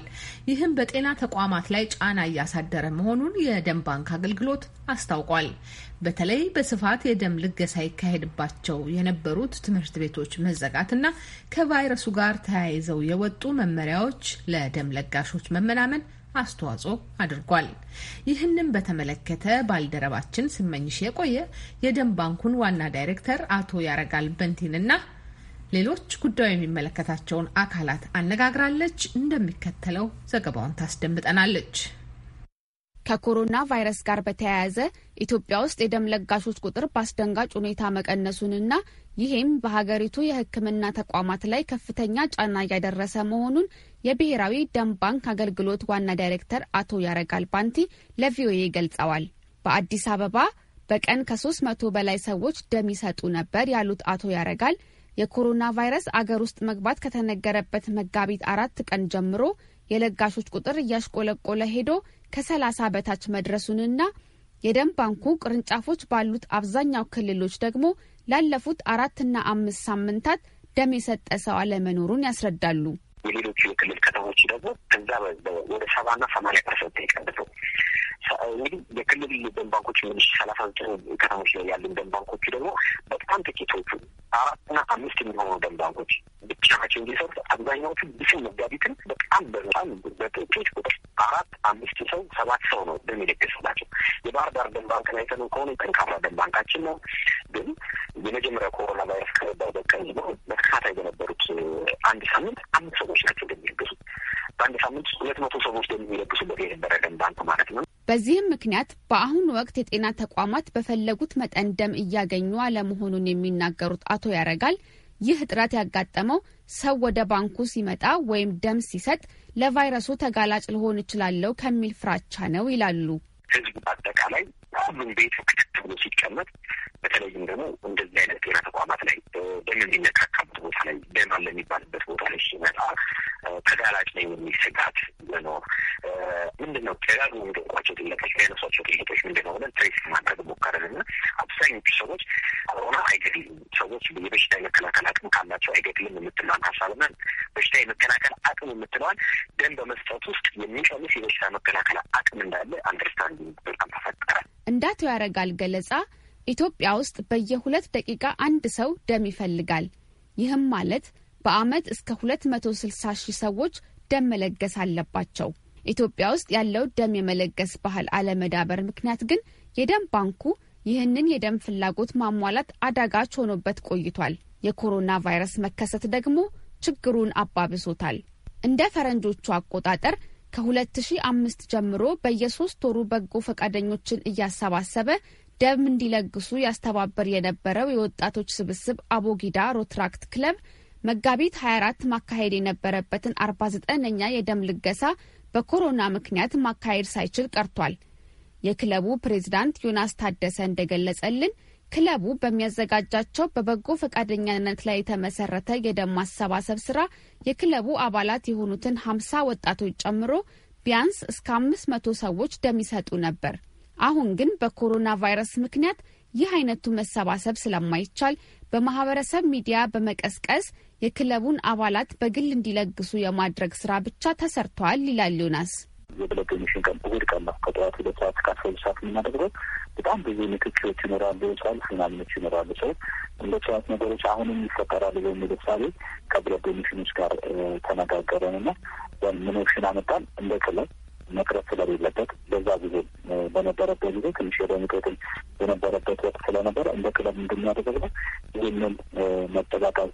ይህም በጤና ተቋማት ላይ ጫና እያሳደረ መሆኑን የደም ባንክ አገልግሎት አስታውቋል። በተለይ በስፋት የደም ልገሳ ይካሄድባቸው የነበሩት ትምህርት ቤቶች መዘጋትና ከቫይረሱ ጋር ተያይዘው የወጡ መመሪያዎች ለደም ለጋሾች መመናመን አስተዋጽኦ አድርጓል። ይህንም በተመለከተ ባልደረባችን ስመኝሽ የቆየ የደም ባንኩን ዋና ዳይሬክተር አቶ ያረጋል በንቲንና ሌሎች ጉዳዩ የሚመለከታቸውን አካላት አነጋግራለች። እንደሚከተለው ዘገባውን ታስደምጠናለች። ከኮሮና ቫይረስ ጋር በተያያዘ ኢትዮጵያ ውስጥ የደም ለጋሾች ቁጥር በአስደንጋጭ ሁኔታ መቀነሱንና ይህም በሀገሪቱ የሕክምና ተቋማት ላይ ከፍተኛ ጫና እያደረሰ መሆኑን የብሔራዊ ደም ባንክ አገልግሎት ዋና ዳይሬክተር አቶ ያረጋል ባንቲ ለቪኦኤ ገልጸዋል። በአዲስ አበባ በቀን ከሶስት መቶ በላይ ሰዎች ደም ይሰጡ ነበር ያሉት አቶ ያረጋል የኮሮና ቫይረስ አገር ውስጥ መግባት ከተነገረበት መጋቢት አራት ቀን ጀምሮ የለጋሾች ቁጥር እያሽቆለቆለ ሄዶ ከ30 በታች መድረሱንና የደም ባንኩ ቅርንጫፎች ባሉት አብዛኛው ክልሎች ደግሞ ላለፉት አራትና አምስት ሳምንታት ደም የሰጠ ሰው አለመኖሩን ያስረዳሉ። የሌሎቹ የክልል ከተሞች ደግሞ ከዛ ወደ ሰባና ሰማንያ ፐርሰንት የቀንሰው እንግዲህ የክልል ደም ባንኮች ሰላሳ ዘጠኝ ከተሞች ላይ ያሉ ደም ባንኮቹ ደግሞ በጣም ጥቂቶቹ አራትና አምስት የሚሆኑ ደም ባንኮች ብቻ ናቸው እንዲሰሩት። አብዛኛዎቹ ብስል መጋቢትን በጣም በጣም በጥቂት ቁጥር አራት አምስት ሰው ሰባት ሰው ነው ደም የለገሱላቸው። የባህር ዳር ደም ባንክ ላይ ከሆነ ጠንካራ ደም ባንካችን ነው። ግን የመጀመሪያ ኮሮና ቫይረስ ከነበረበት በቀን ጀምሮ በተካታይ በነበሩት አንድ ሳምንት አምስት ሰዎች ናቸው ደም በአንድ ሳምንት ሁለት መቶ ሰዎች ደም የሚለግሱበት የነበረ ደም ባንክ ማለት ነው። በዚህም ምክንያት በአሁኑ ወቅት የጤና ተቋማት በፈለጉት መጠን ደም እያገኙ አለመሆኑን የሚናገሩት አቶ ያረጋል ይህ እጥረት ያጋጠመው ሰው ወደ ባንኩ ሲመጣ ወይም ደም ሲሰጥ ለቫይረሱ ተጋላጭ ልሆን እችላለሁ ከሚል ፍራቻ ነው ይላሉ። ህዝቡ አጠቃላይ ሁሉም ቤቱ ክትት ብሎ ሲቀመጥ፣ በተለይም ደግሞ እንደዚህ አይነት ጤና ተቋማት ላይ ደም የሚነካካበት ቦታ ላይ ደም አለ የሚባልበት ቦታ ላይ ሲመጣ ተጋላጭ ላይ የሚል ስጋት መኖር ምንድን ነው ደጋግ የሚደንቋቸው ጥያቄዎች የሚያነሷቸው ጥያቄዎች ምንድን ነው ብለን ትሬስ ማድረግ ሞከረን እና አብዛኞቹ ሰዎች ኮሮና አይገድልም፣ ሰዎች የበሽታ የመከላከል አቅም ካላቸው አይገድልም የምትለዋን ሀሳብና በሽታ የመከላከል አቅም የምትለዋል ደም በመስጠት ውስጥ የሚቀንስ የበሽታ መከላከል አቅም እንዳለ አንደርስታንድ በጣም ተፈጠረ። እንዳት ያረጋል ገለጻ ኢትዮጵያ ውስጥ በየሁለት ደቂቃ አንድ ሰው ደም ይፈልጋል። ይህም ማለት በአመት እስከ 260 ሺህ ሰዎች ደም መለገስ አለባቸው። ኢትዮጵያ ውስጥ ያለው ደም የመለገስ ባህል አለመዳበር ምክንያት ግን የደም ባንኩ ይህንን የደም ፍላጎት ማሟላት አዳጋች ሆኖበት ቆይቷል። የኮሮና ቫይረስ መከሰት ደግሞ ችግሩን አባብሶታል። እንደ ፈረንጆቹ አቆጣጠር ከ2005 ጀምሮ በየሶስት ወሩ በጎ ፈቃደኞችን እያሰባሰበ ደም እንዲለግሱ ያስተባበር የነበረው የወጣቶች ስብስብ አቦጊዳ ሮትራክት ክለብ መጋቢት 24 ማካሄድ የነበረበትን 49ኛ የደም ልገሳ በኮሮና ምክንያት ማካሄድ ሳይችል ቀርቷል። የክለቡ ፕሬዝዳንት ዮናስ ታደሰ እንደገለጸልን ክለቡ በሚያዘጋጃቸው በበጎ ፈቃደኛነት ላይ የተመሰረተ የደም ማሰባሰብ ስራ የክለቡ አባላት የሆኑትን ሀምሳ ወጣቶች ጨምሮ ቢያንስ እስከ አምስት መቶ ሰዎች ደም ይሰጡ ነበር። አሁን ግን በኮሮና ቫይረስ ምክንያት ይህ አይነቱ መሰባሰብ ስለማይቻል በማህበረሰብ ሚዲያ በመቀስቀስ የክለቡን አባላት በግል እንዲለግሱ የማድረግ ስራ ብቻ ተሰርተዋል ይላል ዮናስ። የብለድ ቀን እሑድ ቀን ነው። ከጠዋት ሁለት ሰዓት እስከ ሁለት ሰዓት የምናደርገው በጣም ብዙ ንክኪዎች ይኖራሉ፣ ጻልፍ ምናምኖች ይኖራሉ። ሰው እንደ አይነት ነገሮች አሁንም ይፈጠራሉ በሚል እሳቤ ከብለድ ሚሽኖች ጋር ተነጋገረን እና ምን ኦፕሽን አመጣን እንደ ክለብ መቅረት ስለሌለበት በዛ ጊዜ በነበረበት ጊዜ ትንሽ የደም ቅትል የነበረበት ወቅት ስለነበረ እንደ ክለብ ነው። ይህንን መጠቃቃት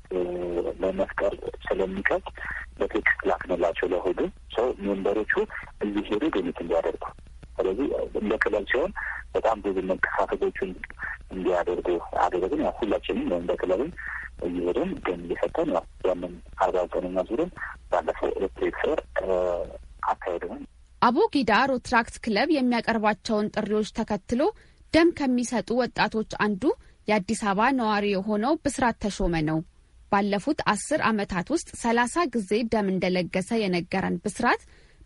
ለመፍቀር ስለሚከብድ በቴክስት ላክንላቸው ለሆዱ ሰው ሜምበሮቹ እዚህ ሄዱ ግኝት እንዲያደርጉ ስለዚህ እንደ ክለብ ሲሆን በጣም ብዙ መከፋፈቶችን እንዲያደርጉ አደረግን። ያው ሁላችንም ወይም በክለብም እየሄድን ግን እየሰጠን ያው ያንን አርባ ዘጠነኛ ዙርን ባለፈው ኤሌክትሪክ ስር አካሄደን ጊዳ ሮትራክት ክለብ የሚያቀርባቸውን ጥሪዎች ተከትሎ ደም ከሚሰጡ ወጣቶች አንዱ የአዲስ አበባ ነዋሪ የሆነው ብስራት ተሾመ ነው። ባለፉት አስር ዓመታት ውስጥ ሰላሳ ጊዜ ደም እንደለገሰ የነገረን ብስራት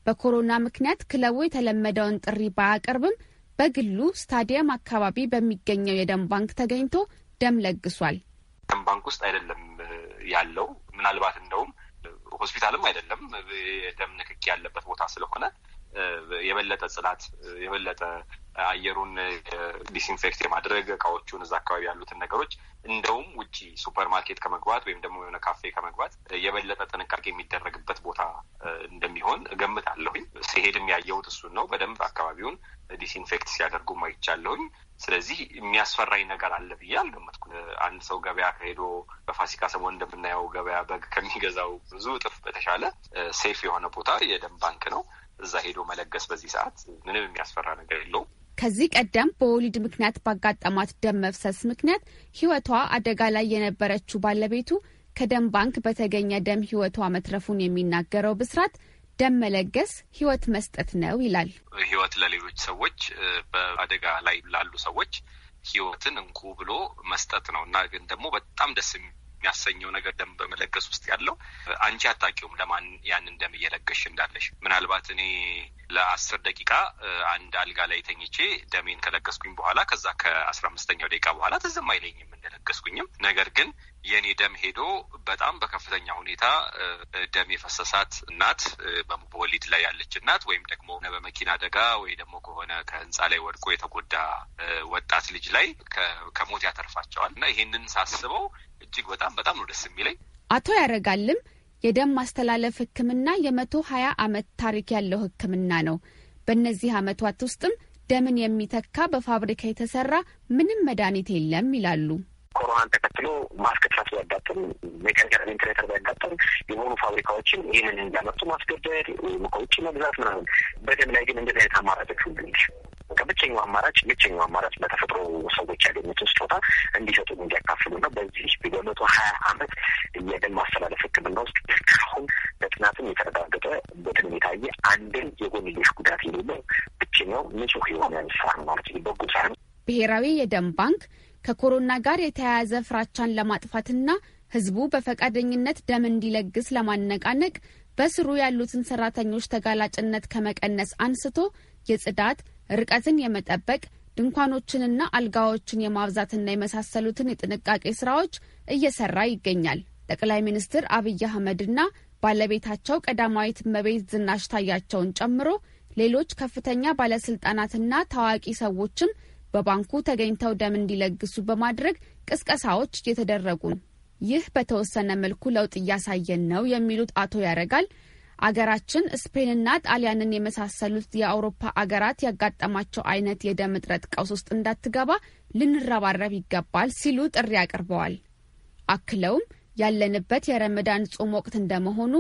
በኮሮና ምክንያት ክለቡ የተለመደውን ጥሪ ባያቀርብም በግሉ ስታዲየም አካባቢ በሚገኘው የደም ባንክ ተገኝቶ ደም ለግሷል። ደም ባንክ ውስጥ አይደለም ያለው፣ ምናልባት እንደውም ሆስፒታልም አይደለም፣ የደም ንክኪ ያለበት ቦታ ስለሆነ የበለጠ ጽላት የበለጠ አየሩን ዲስኢንፌክት የማድረግ እቃዎቹን እዛ አካባቢ ያሉትን ነገሮች እንደውም ውጭ ሱፐር ማርኬት ከመግባት ወይም ደግሞ የሆነ ካፌ ከመግባት የበለጠ ጥንቃቄ የሚደረግበት ቦታ እንደሚሆን እገምታለሁኝ። ሲሄድም ያየሁት እሱን ነው። በደንብ አካባቢውን ዲስኢንፌክት ሲያደርጉ ማይቻለሁኝ። ስለዚህ የሚያስፈራኝ ነገር አለ ብዬ አልገመትኩ። አንድ ሰው ገበያ ከሄዶ በፋሲካ ሰሞን እንደምናየው ገበያ በግ ከሚገዛው ብዙ እጥፍ በተሻለ ሴፍ የሆነ ቦታ የደም ባንክ ነው። እዛ ሄዶ መለገስ በዚህ ሰዓት ምንም የሚያስፈራ ነገር የለውም። ከዚህ ቀደም በወሊድ ምክንያት ባጋጠሟት ደም መፍሰስ ምክንያት ሕይወቷ አደጋ ላይ የነበረችው ባለቤቱ ከደም ባንክ በተገኘ ደም ሕይወቷ መትረፉን የሚናገረው ብስራት ደም መለገስ ሕይወት መስጠት ነው ይላል። ሕይወት ለሌሎች ሰዎች በአደጋ ላይ ላሉ ሰዎች ሕይወትን እንኩ ብሎ መስጠት ነው እና ግን ደግሞ በጣም ደስ የሚያሰኘው ነገር ደም በመለገስ ውስጥ ያለው አንቺ አታውቂውም ለማን ያንን ደም እየለገሽ እንዳለሽ። ምናልባት እኔ ለአስር ደቂቃ አንድ አልጋ ላይ ተኝቼ ደሜን ከለገስኩኝ በኋላ ከዛ ከአስራ አምስተኛው ደቂቃ በኋላ ትዝም አይለኝም እንደለገስኩኝም። ነገር ግን የእኔ ደም ሄዶ በጣም በከፍተኛ ሁኔታ ደም የፈሰሳት እናት፣ በወሊድ ላይ ያለች እናት ወይም ደግሞ በመኪና አደጋ ወይ ደግሞ ከሆነ ከህንፃ ላይ ወድቆ የተጎዳ ወጣት ልጅ ላይ ከሞት ያተርፋቸዋል እና ይሄንን ሳስበው እጅግ በጣም በጣም ነው ደስ የሚለኝ። አቶ ያረጋልም የደም ማስተላለፍ ህክምና የመቶ ሀያ አመት ታሪክ ያለው ህክምና ነው። በእነዚህ አመታት ውስጥም ደምን የሚተካ በፋብሪካ የተሰራ ምንም መድኃኒት የለም ይላሉ። ኮሮናን ተከትሎ ማስክ እጥረት ቢያጋጥም መቀንቀር ቬንትሌተር ቢያጋጥም የሆኑ ፋብሪካዎችን ይህንን እንዲያመርቱ ማስገደድ፣ ምቆች መግዛት ምናምን። በደም ላይ ግን እንደዚህ አይነት አማራጮች ሁሉ ብቸኛው አማራጭ ብቸኛው አማራጭ በተፈጥሮ ሰዎች ያገኙትን ስጦታ እንዲሰጡ እንዲያካፍሉ ነው። በዚህ በመቶ ሀያ አመት የደም ማስተላለፍ ሕክምና ውስጥ እስካሁን በጥናትም የተረጋገጠ በትን የታየ አንድን የጎንዮሽ ጉዳት የሌለው ብቸኛው ንጹህ የሆነ ሳህን ማለት በጎ ሳይሆን ብሔራዊ የደም ባንክ ከኮሮና ጋር የተያያዘ ፍራቻን ለማጥፋትና ህዝቡ በፈቃደኝነት ደም እንዲለግስ ለማነቃነቅ በስሩ ያሉትን ሰራተኞች ተጋላጭነት ከመቀነስ አንስቶ የጽዳት ርቀትን የመጠበቅ ድንኳኖችንና አልጋዎችን የማብዛትና የመሳሰሉትን የጥንቃቄ ስራዎች እየሰራ ይገኛል። ጠቅላይ ሚኒስትር አብይ አህመድና ባለቤታቸው ቀዳማዊት እመቤት ዝናሽ ታያቸውን ጨምሮ ሌሎች ከፍተኛ ባለስልጣናትና ታዋቂ ሰዎችም በባንኩ ተገኝተው ደም እንዲለግሱ በማድረግ ቅስቀሳዎች እየተደረጉ ነው። ይህ በተወሰነ መልኩ ለውጥ እያሳየን ነው የሚሉት አቶ ያረጋል አገራችን ስፔንና ጣሊያንን የመሳሰሉት የአውሮፓ አገራት ያጋጠማቸው አይነት የደም እጥረት ቀውስ ውስጥ እንዳትገባ ልንረባረብ ይገባል ሲሉ ጥሪ አቅርበዋል። አክለውም ያለንበት የረመዳን ጾም ወቅት እንደመሆኑ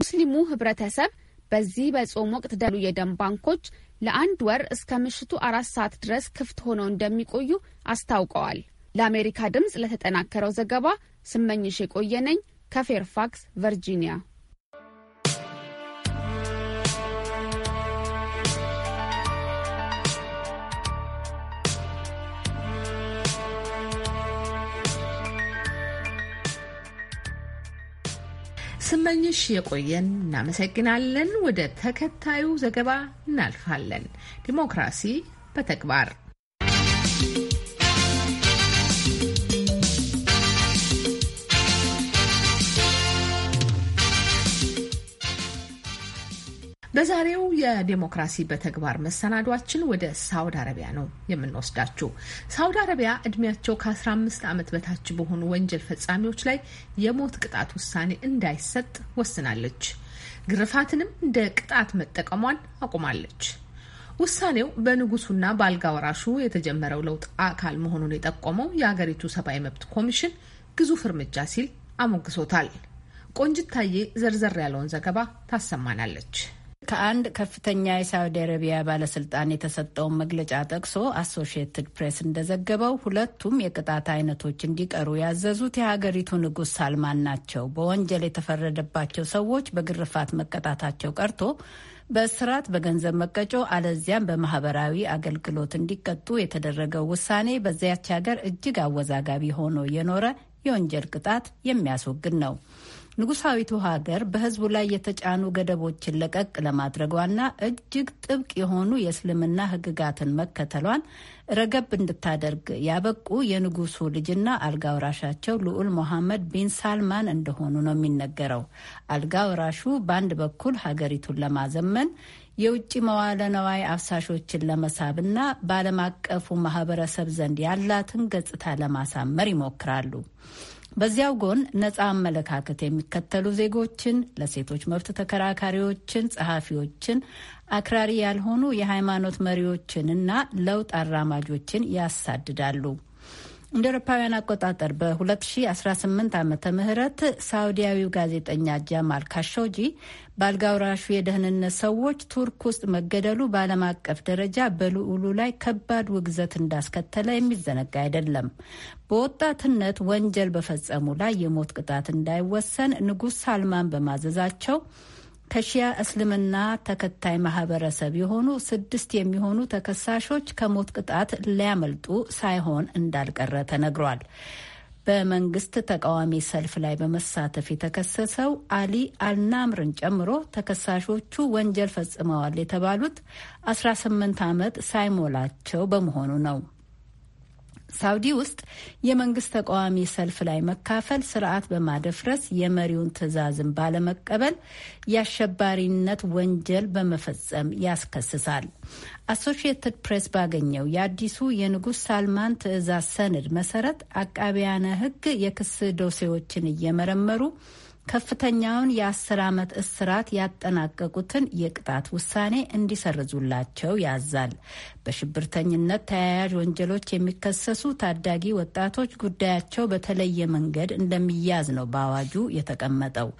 ሙስሊሙ ህብረተሰብ በዚህ በጾም ወቅት ደሉ የደም ባንኮች ለአንድ ወር እስከ ምሽቱ አራት ሰዓት ድረስ ክፍት ሆነው እንደሚቆዩ አስታውቀዋል። ለአሜሪካ ድምፅ ለተጠናከረው ዘገባ ስመኝሽ የቆየነኝ ከፌርፋክስ ቨርጂኒያ ስመኝሽ የቆየን እናመሰግናለን። ወደ ተከታዩ ዘገባ እናልፋለን። ዲሞክራሲ በተግባር በዛሬው የዴሞክራሲ በተግባር መሰናዷችን ወደ ሳውዲ አረቢያ ነው የምንወስዳችሁ። ሳውዲ አረቢያ እድሜያቸው ከ15 ዓመት በታች በሆኑ ወንጀል ፈጻሚዎች ላይ የሞት ቅጣት ውሳኔ እንዳይሰጥ ወስናለች። ግርፋትንም እንደ ቅጣት መጠቀሟን አቁማለች። ውሳኔው በንጉሱና በአልጋ ወራሹ የተጀመረው ለውጥ አካል መሆኑን የጠቆመው የአገሪቱ ሰብአዊ መብት ኮሚሽን ግዙፍ እርምጃ ሲል አሞግሶታል። ቆንጅታዬ ዘርዘር ያለውን ዘገባ ታሰማናለች። ከአንድ ከፍተኛ የሳውዲ አረቢያ ባለስልጣን የተሰጠውን መግለጫ ጠቅሶ አሶሽየትድ ፕሬስ እንደዘገበው ሁለቱም የቅጣት አይነቶች እንዲቀሩ ያዘዙት የሀገሪቱ ንጉሥ ሳልማን ናቸው። በወንጀል የተፈረደባቸው ሰዎች በግርፋት መቀጣታቸው ቀርቶ በእስራት በገንዘብ መቀጮ አለዚያም በማህበራዊ አገልግሎት እንዲቀጡ የተደረገው ውሳኔ በዚያች ሀገር እጅግ አወዛጋቢ ሆኖ የኖረ የወንጀል ቅጣት የሚያስወግድ ነው። ንጉሳዊቱ ሀገር በህዝቡ ላይ የተጫኑ ገደቦችን ለቀቅ ለማድረጓና እጅግ ጥብቅ የሆኑ የእስልምና ህግጋትን መከተሏን ረገብ እንድታደርግ ያበቁ የንጉሱ ልጅና አልጋውራሻቸው ልዑል ሞሐመድ ቢን ሳልማን እንደሆኑ ነው የሚነገረው። አልጋውራሹ በአንድ በኩል ሀገሪቱን ለማዘመን የውጭ መዋለ ነዋይ አፍሳሾችን ለመሳብና በዓለም አቀፉ ማህበረሰብ ዘንድ ያላትን ገጽታ ለማሳመር ይሞክራሉ። በዚያው ጎን ነጻ አመለካከት የሚከተሉ ዜጎችን፣ ለሴቶች መብት ተከራካሪዎችን፣ ጸሐፊዎችን፣ አክራሪ ያልሆኑ የሃይማኖት መሪዎችን እና ለውጥ አራማጆችን ያሳድዳሉ። እንደ አውሮፓውያን አቆጣጠር በ2018 ዓመተ ምህረት ሳውዲያዊው ጋዜጠኛ ጃማል ካሾጂ ባልጋውራሹ የደህንነት ሰዎች ቱርክ ውስጥ መገደሉ በዓለም አቀፍ ደረጃ በልዑሉ ላይ ከባድ ውግዘት እንዳስከተለ የሚዘነጋ አይደለም። በወጣትነት ወንጀል በፈጸሙ ላይ የሞት ቅጣት እንዳይወሰን ንጉሥ ሳልማን በማዘዛቸው ከሺያ እስልምና ተከታይ ማህበረሰብ የሆኑ ስድስት የሚሆኑ ተከሳሾች ከሞት ቅጣት ሊያመልጡ ሳይሆን እንዳልቀረ ተነግሯል። በመንግስት ተቃዋሚ ሰልፍ ላይ በመሳተፍ የተከሰሰው አሊ አልናምርን ጨምሮ ተከሳሾቹ ወንጀል ፈጽመዋል የተባሉት 18 ዓመት ሳይሞላቸው በመሆኑ ነው። ሳውዲ ውስጥ የመንግስት ተቃዋሚ ሰልፍ ላይ መካፈል ስርዓት በማደፍረስ የመሪውን ትዕዛዝን ባለመቀበል የአሸባሪነት ወንጀል በመፈጸም ያስከስሳል። አሶሽትድ ፕሬስ ባገኘው የአዲሱ የንጉሥ ሳልማን ትዕዛዝ ሰነድ መሰረት አቃቢያነ ሕግ የክስ ዶሴዎችን እየመረመሩ ከፍተኛውን የአስር ዓመት እስራት ያጠናቀቁትን የቅጣት ውሳኔ እንዲሰርዙላቸው ያዛል። በሽብርተኝነት ተያያዥ ወንጀሎች የሚከሰሱ ታዳጊ ወጣቶች ጉዳያቸው በተለየ መንገድ እንደሚያዝ ነው በአዋጁ የተቀመጠው።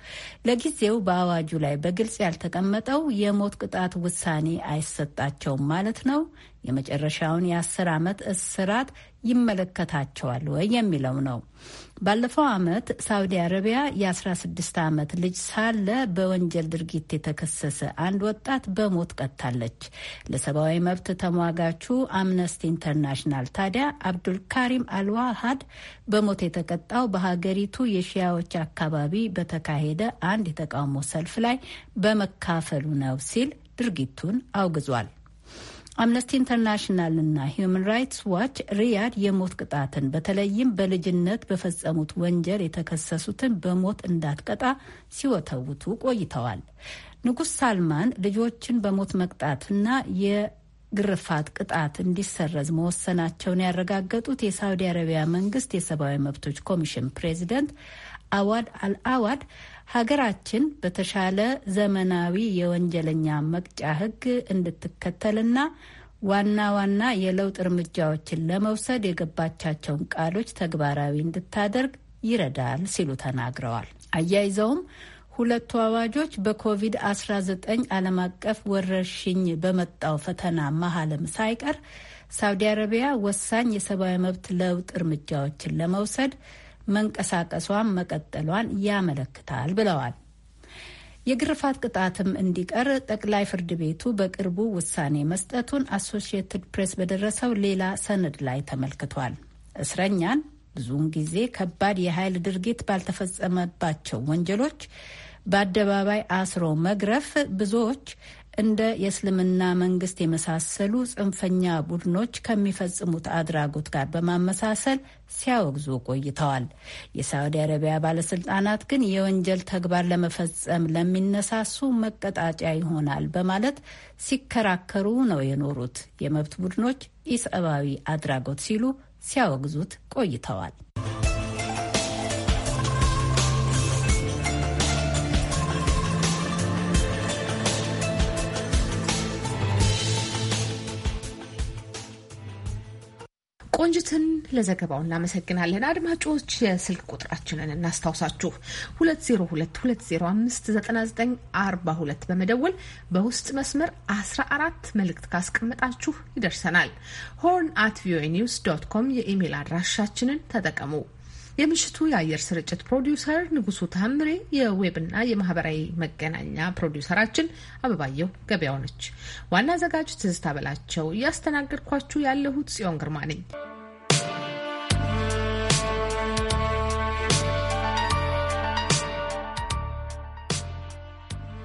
ለጊዜው በአዋጁ ላይ በግልጽ ያልተቀመጠው የሞት ቅጣት ውሳኔ አይሰጣቸውም ማለት ነው። የመጨረሻውን የአስር ዓመት እስራት ይመለከታቸዋል ወይ የሚለው ነው። ባለፈው ዓመት ሳውዲ አረቢያ የ16 ዓመት ልጅ ሳለ በወንጀል ድርጊት የተከሰሰ አንድ ወጣት በሞት ቀጥታለች። ለሰብአዊ መብት ተሟጋቹ አምነስቲ ኢንተርናሽናል ታዲያ አብዱልካሪም አልዋሃድ በሞት የተቀጣው በሀገሪቱ የሺያዎች አካባቢ በተካሄደ አንድ የተቃውሞ ሰልፍ ላይ በመካፈሉ ነው ሲል ድርጊቱን አውግዟል። አምነስቲ ኢንተርናሽናል እና ሂዩማን ራይትስ ዋች ሪያድ የሞት ቅጣትን በተለይም በልጅነት በፈጸሙት ወንጀል የተከሰሱትን በሞት እንዳትቀጣ ሲወተውቱ ቆይተዋል። ንጉስ ሳልማን ልጆችን በሞት መቅጣትና የግርፋት ቅጣት እንዲሰረዝ መወሰናቸውን ያረጋገጡት የሳውዲ አረቢያ መንግስት የሰብአዊ መብቶች ኮሚሽን ፕሬዚደንት አዋድ አልአዋድ ሀገራችን በተሻለ ዘመናዊ የወንጀለኛ መቅጫ ሕግ እንድትከተልና ዋና ዋና የለውጥ እርምጃዎችን ለመውሰድ የገባቻቸውን ቃሎች ተግባራዊ እንድታደርግ ይረዳል ሲሉ ተናግረዋል። አያይዘውም ሁለቱ አዋጆች በኮቪድ-19 ዓለም አቀፍ ወረርሽኝ በመጣው ፈተና መሀልም ሳይቀር ሳውዲ አረቢያ ወሳኝ የሰብአዊ መብት ለውጥ እርምጃዎችን ለመውሰድ መንቀሳቀሷን መቀጠሏን ያመለክታል ብለዋል። የግርፋት ቅጣትም እንዲቀር ጠቅላይ ፍርድ ቤቱ በቅርቡ ውሳኔ መስጠቱን አሶሺየትድ ፕሬስ በደረሰው ሌላ ሰነድ ላይ ተመልክቷል። እስረኛን ብዙውን ጊዜ ከባድ የኃይል ድርጊት ባልተፈጸመባቸው ወንጀሎች በአደባባይ አስሮ መግረፍ ብዙዎች እንደ የእስልምና መንግስት የመሳሰሉ ጽንፈኛ ቡድኖች ከሚፈጽሙት አድራጎት ጋር በማመሳሰል ሲያወግዙ ቆይተዋል። የሳዑዲ አረቢያ ባለስልጣናት ግን የወንጀል ተግባር ለመፈጸም ለሚነሳሱ መቀጣጫ ይሆናል በማለት ሲከራከሩ ነው የኖሩት። የመብት ቡድኖች ኢሰብአዊ አድራጎት ሲሉ ሲያወግዙት ቆይተዋል። ቆንጅትን ለዘገባው እናመሰግናለን። አድማጮች የስልክ ቁጥራችንን እናስታውሳችሁ 2022059942 በመደወል በውስጥ መስመር 14 መልእክት ካስቀመጣችሁ ይደርሰናል። ሆርን አት ቪኦኤ ኒውስ ዶት ኮም የኢሜይል አድራሻችንን ተጠቀሙ። የምሽቱ የአየር ስርጭት ፕሮዲውሰር ንጉሱ ታምሬ፣ የዌብና የማህበራዊ መገናኛ ፕሮዲውሰራችን አበባየው ገበያው ነች። ዋና አዘጋጅ ትዝታ በላቸው፣ እያስተናገድኳችሁ ያለሁት ጽዮን ግርማ ነኝ።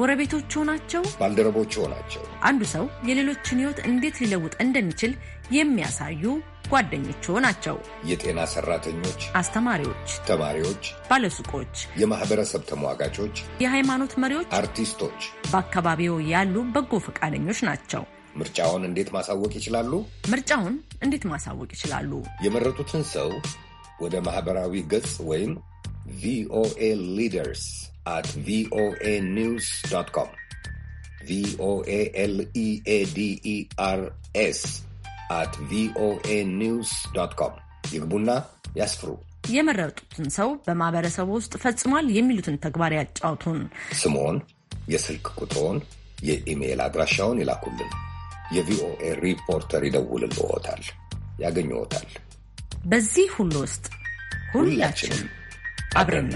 ጎረቤቶች ናቸው፣ ባልደረቦች ናቸው። አንዱ ሰው የሌሎችን ሕይወት እንዴት ሊለውጥ እንደሚችል የሚያሳዩ ጓደኞች ናቸው። የጤና ሰራተኞች፣ አስተማሪዎች፣ ተማሪዎች፣ ባለሱቆች፣ የማህበረሰብ ተሟጋቾች፣ የሃይማኖት መሪዎች፣ አርቲስቶች፣ በአካባቢው ያሉ በጎ ፈቃደኞች ናቸው። ምርጫውን እንዴት ማሳወቅ ይችላሉ? ምርጫውን እንዴት ማሳወቅ ይችላሉ? የመረጡትን ሰው ወደ ማህበራዊ ገጽ ወይም ቪኦኤ ሊደርስ at ቪኦኤ ኒውስ ዶት ኮም ቪኦኤ ኤልኢኤዲኢአርኤስ አት ቪኦኤ ኒውስ ዶት ኮም ይግቡና ያስፍሩ። የመረጡትን ሰው በማህበረሰቡ ውስጥ ፈጽሟል የሚሉትን ተግባር ያጫውቱን። ስሞን፣ የስልክ ቁጥሮን፣ የኢሜይል አድራሻውን ይላኩልን። የቪኦኤ ሪፖርተር ይደውልልዎታል፣ ያገኝዎታል። በዚህ ሁሉ ውስጥ ሁላችንም አብረን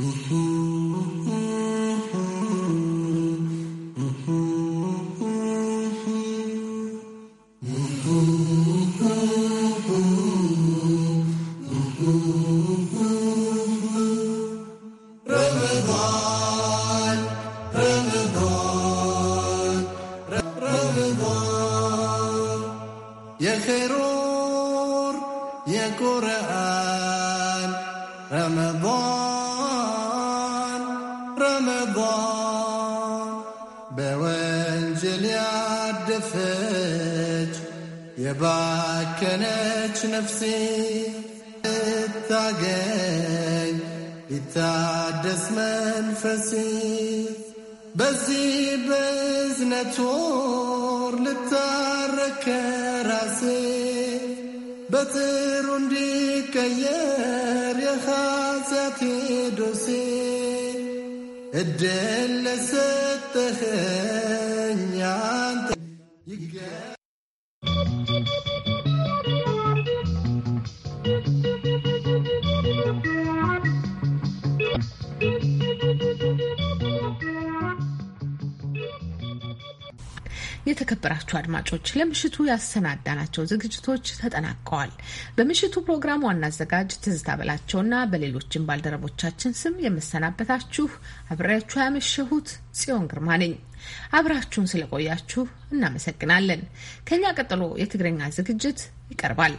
Mm-hmm. የተከበራችሁ አድማጮች ለምሽቱ ያሰናዳናቸው ዝግጅቶች ተጠናቀዋል። በምሽቱ ፕሮግራም ዋና አዘጋጅ ትዝታ በላቸውና በሌሎችም ባልደረቦቻችን ስም የምሰናበታችሁ አብሬያችሁ ያመሸሁት ጽዮን ግርማ ነኝ። አብራችሁን ስለቆያችሁ እናመሰግናለን። ከእኛ ቀጥሎ የትግርኛ ዝግጅት ይቀርባል።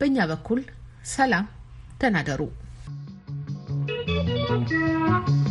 በእኛ በኩል ሰላም፣ ደህና you.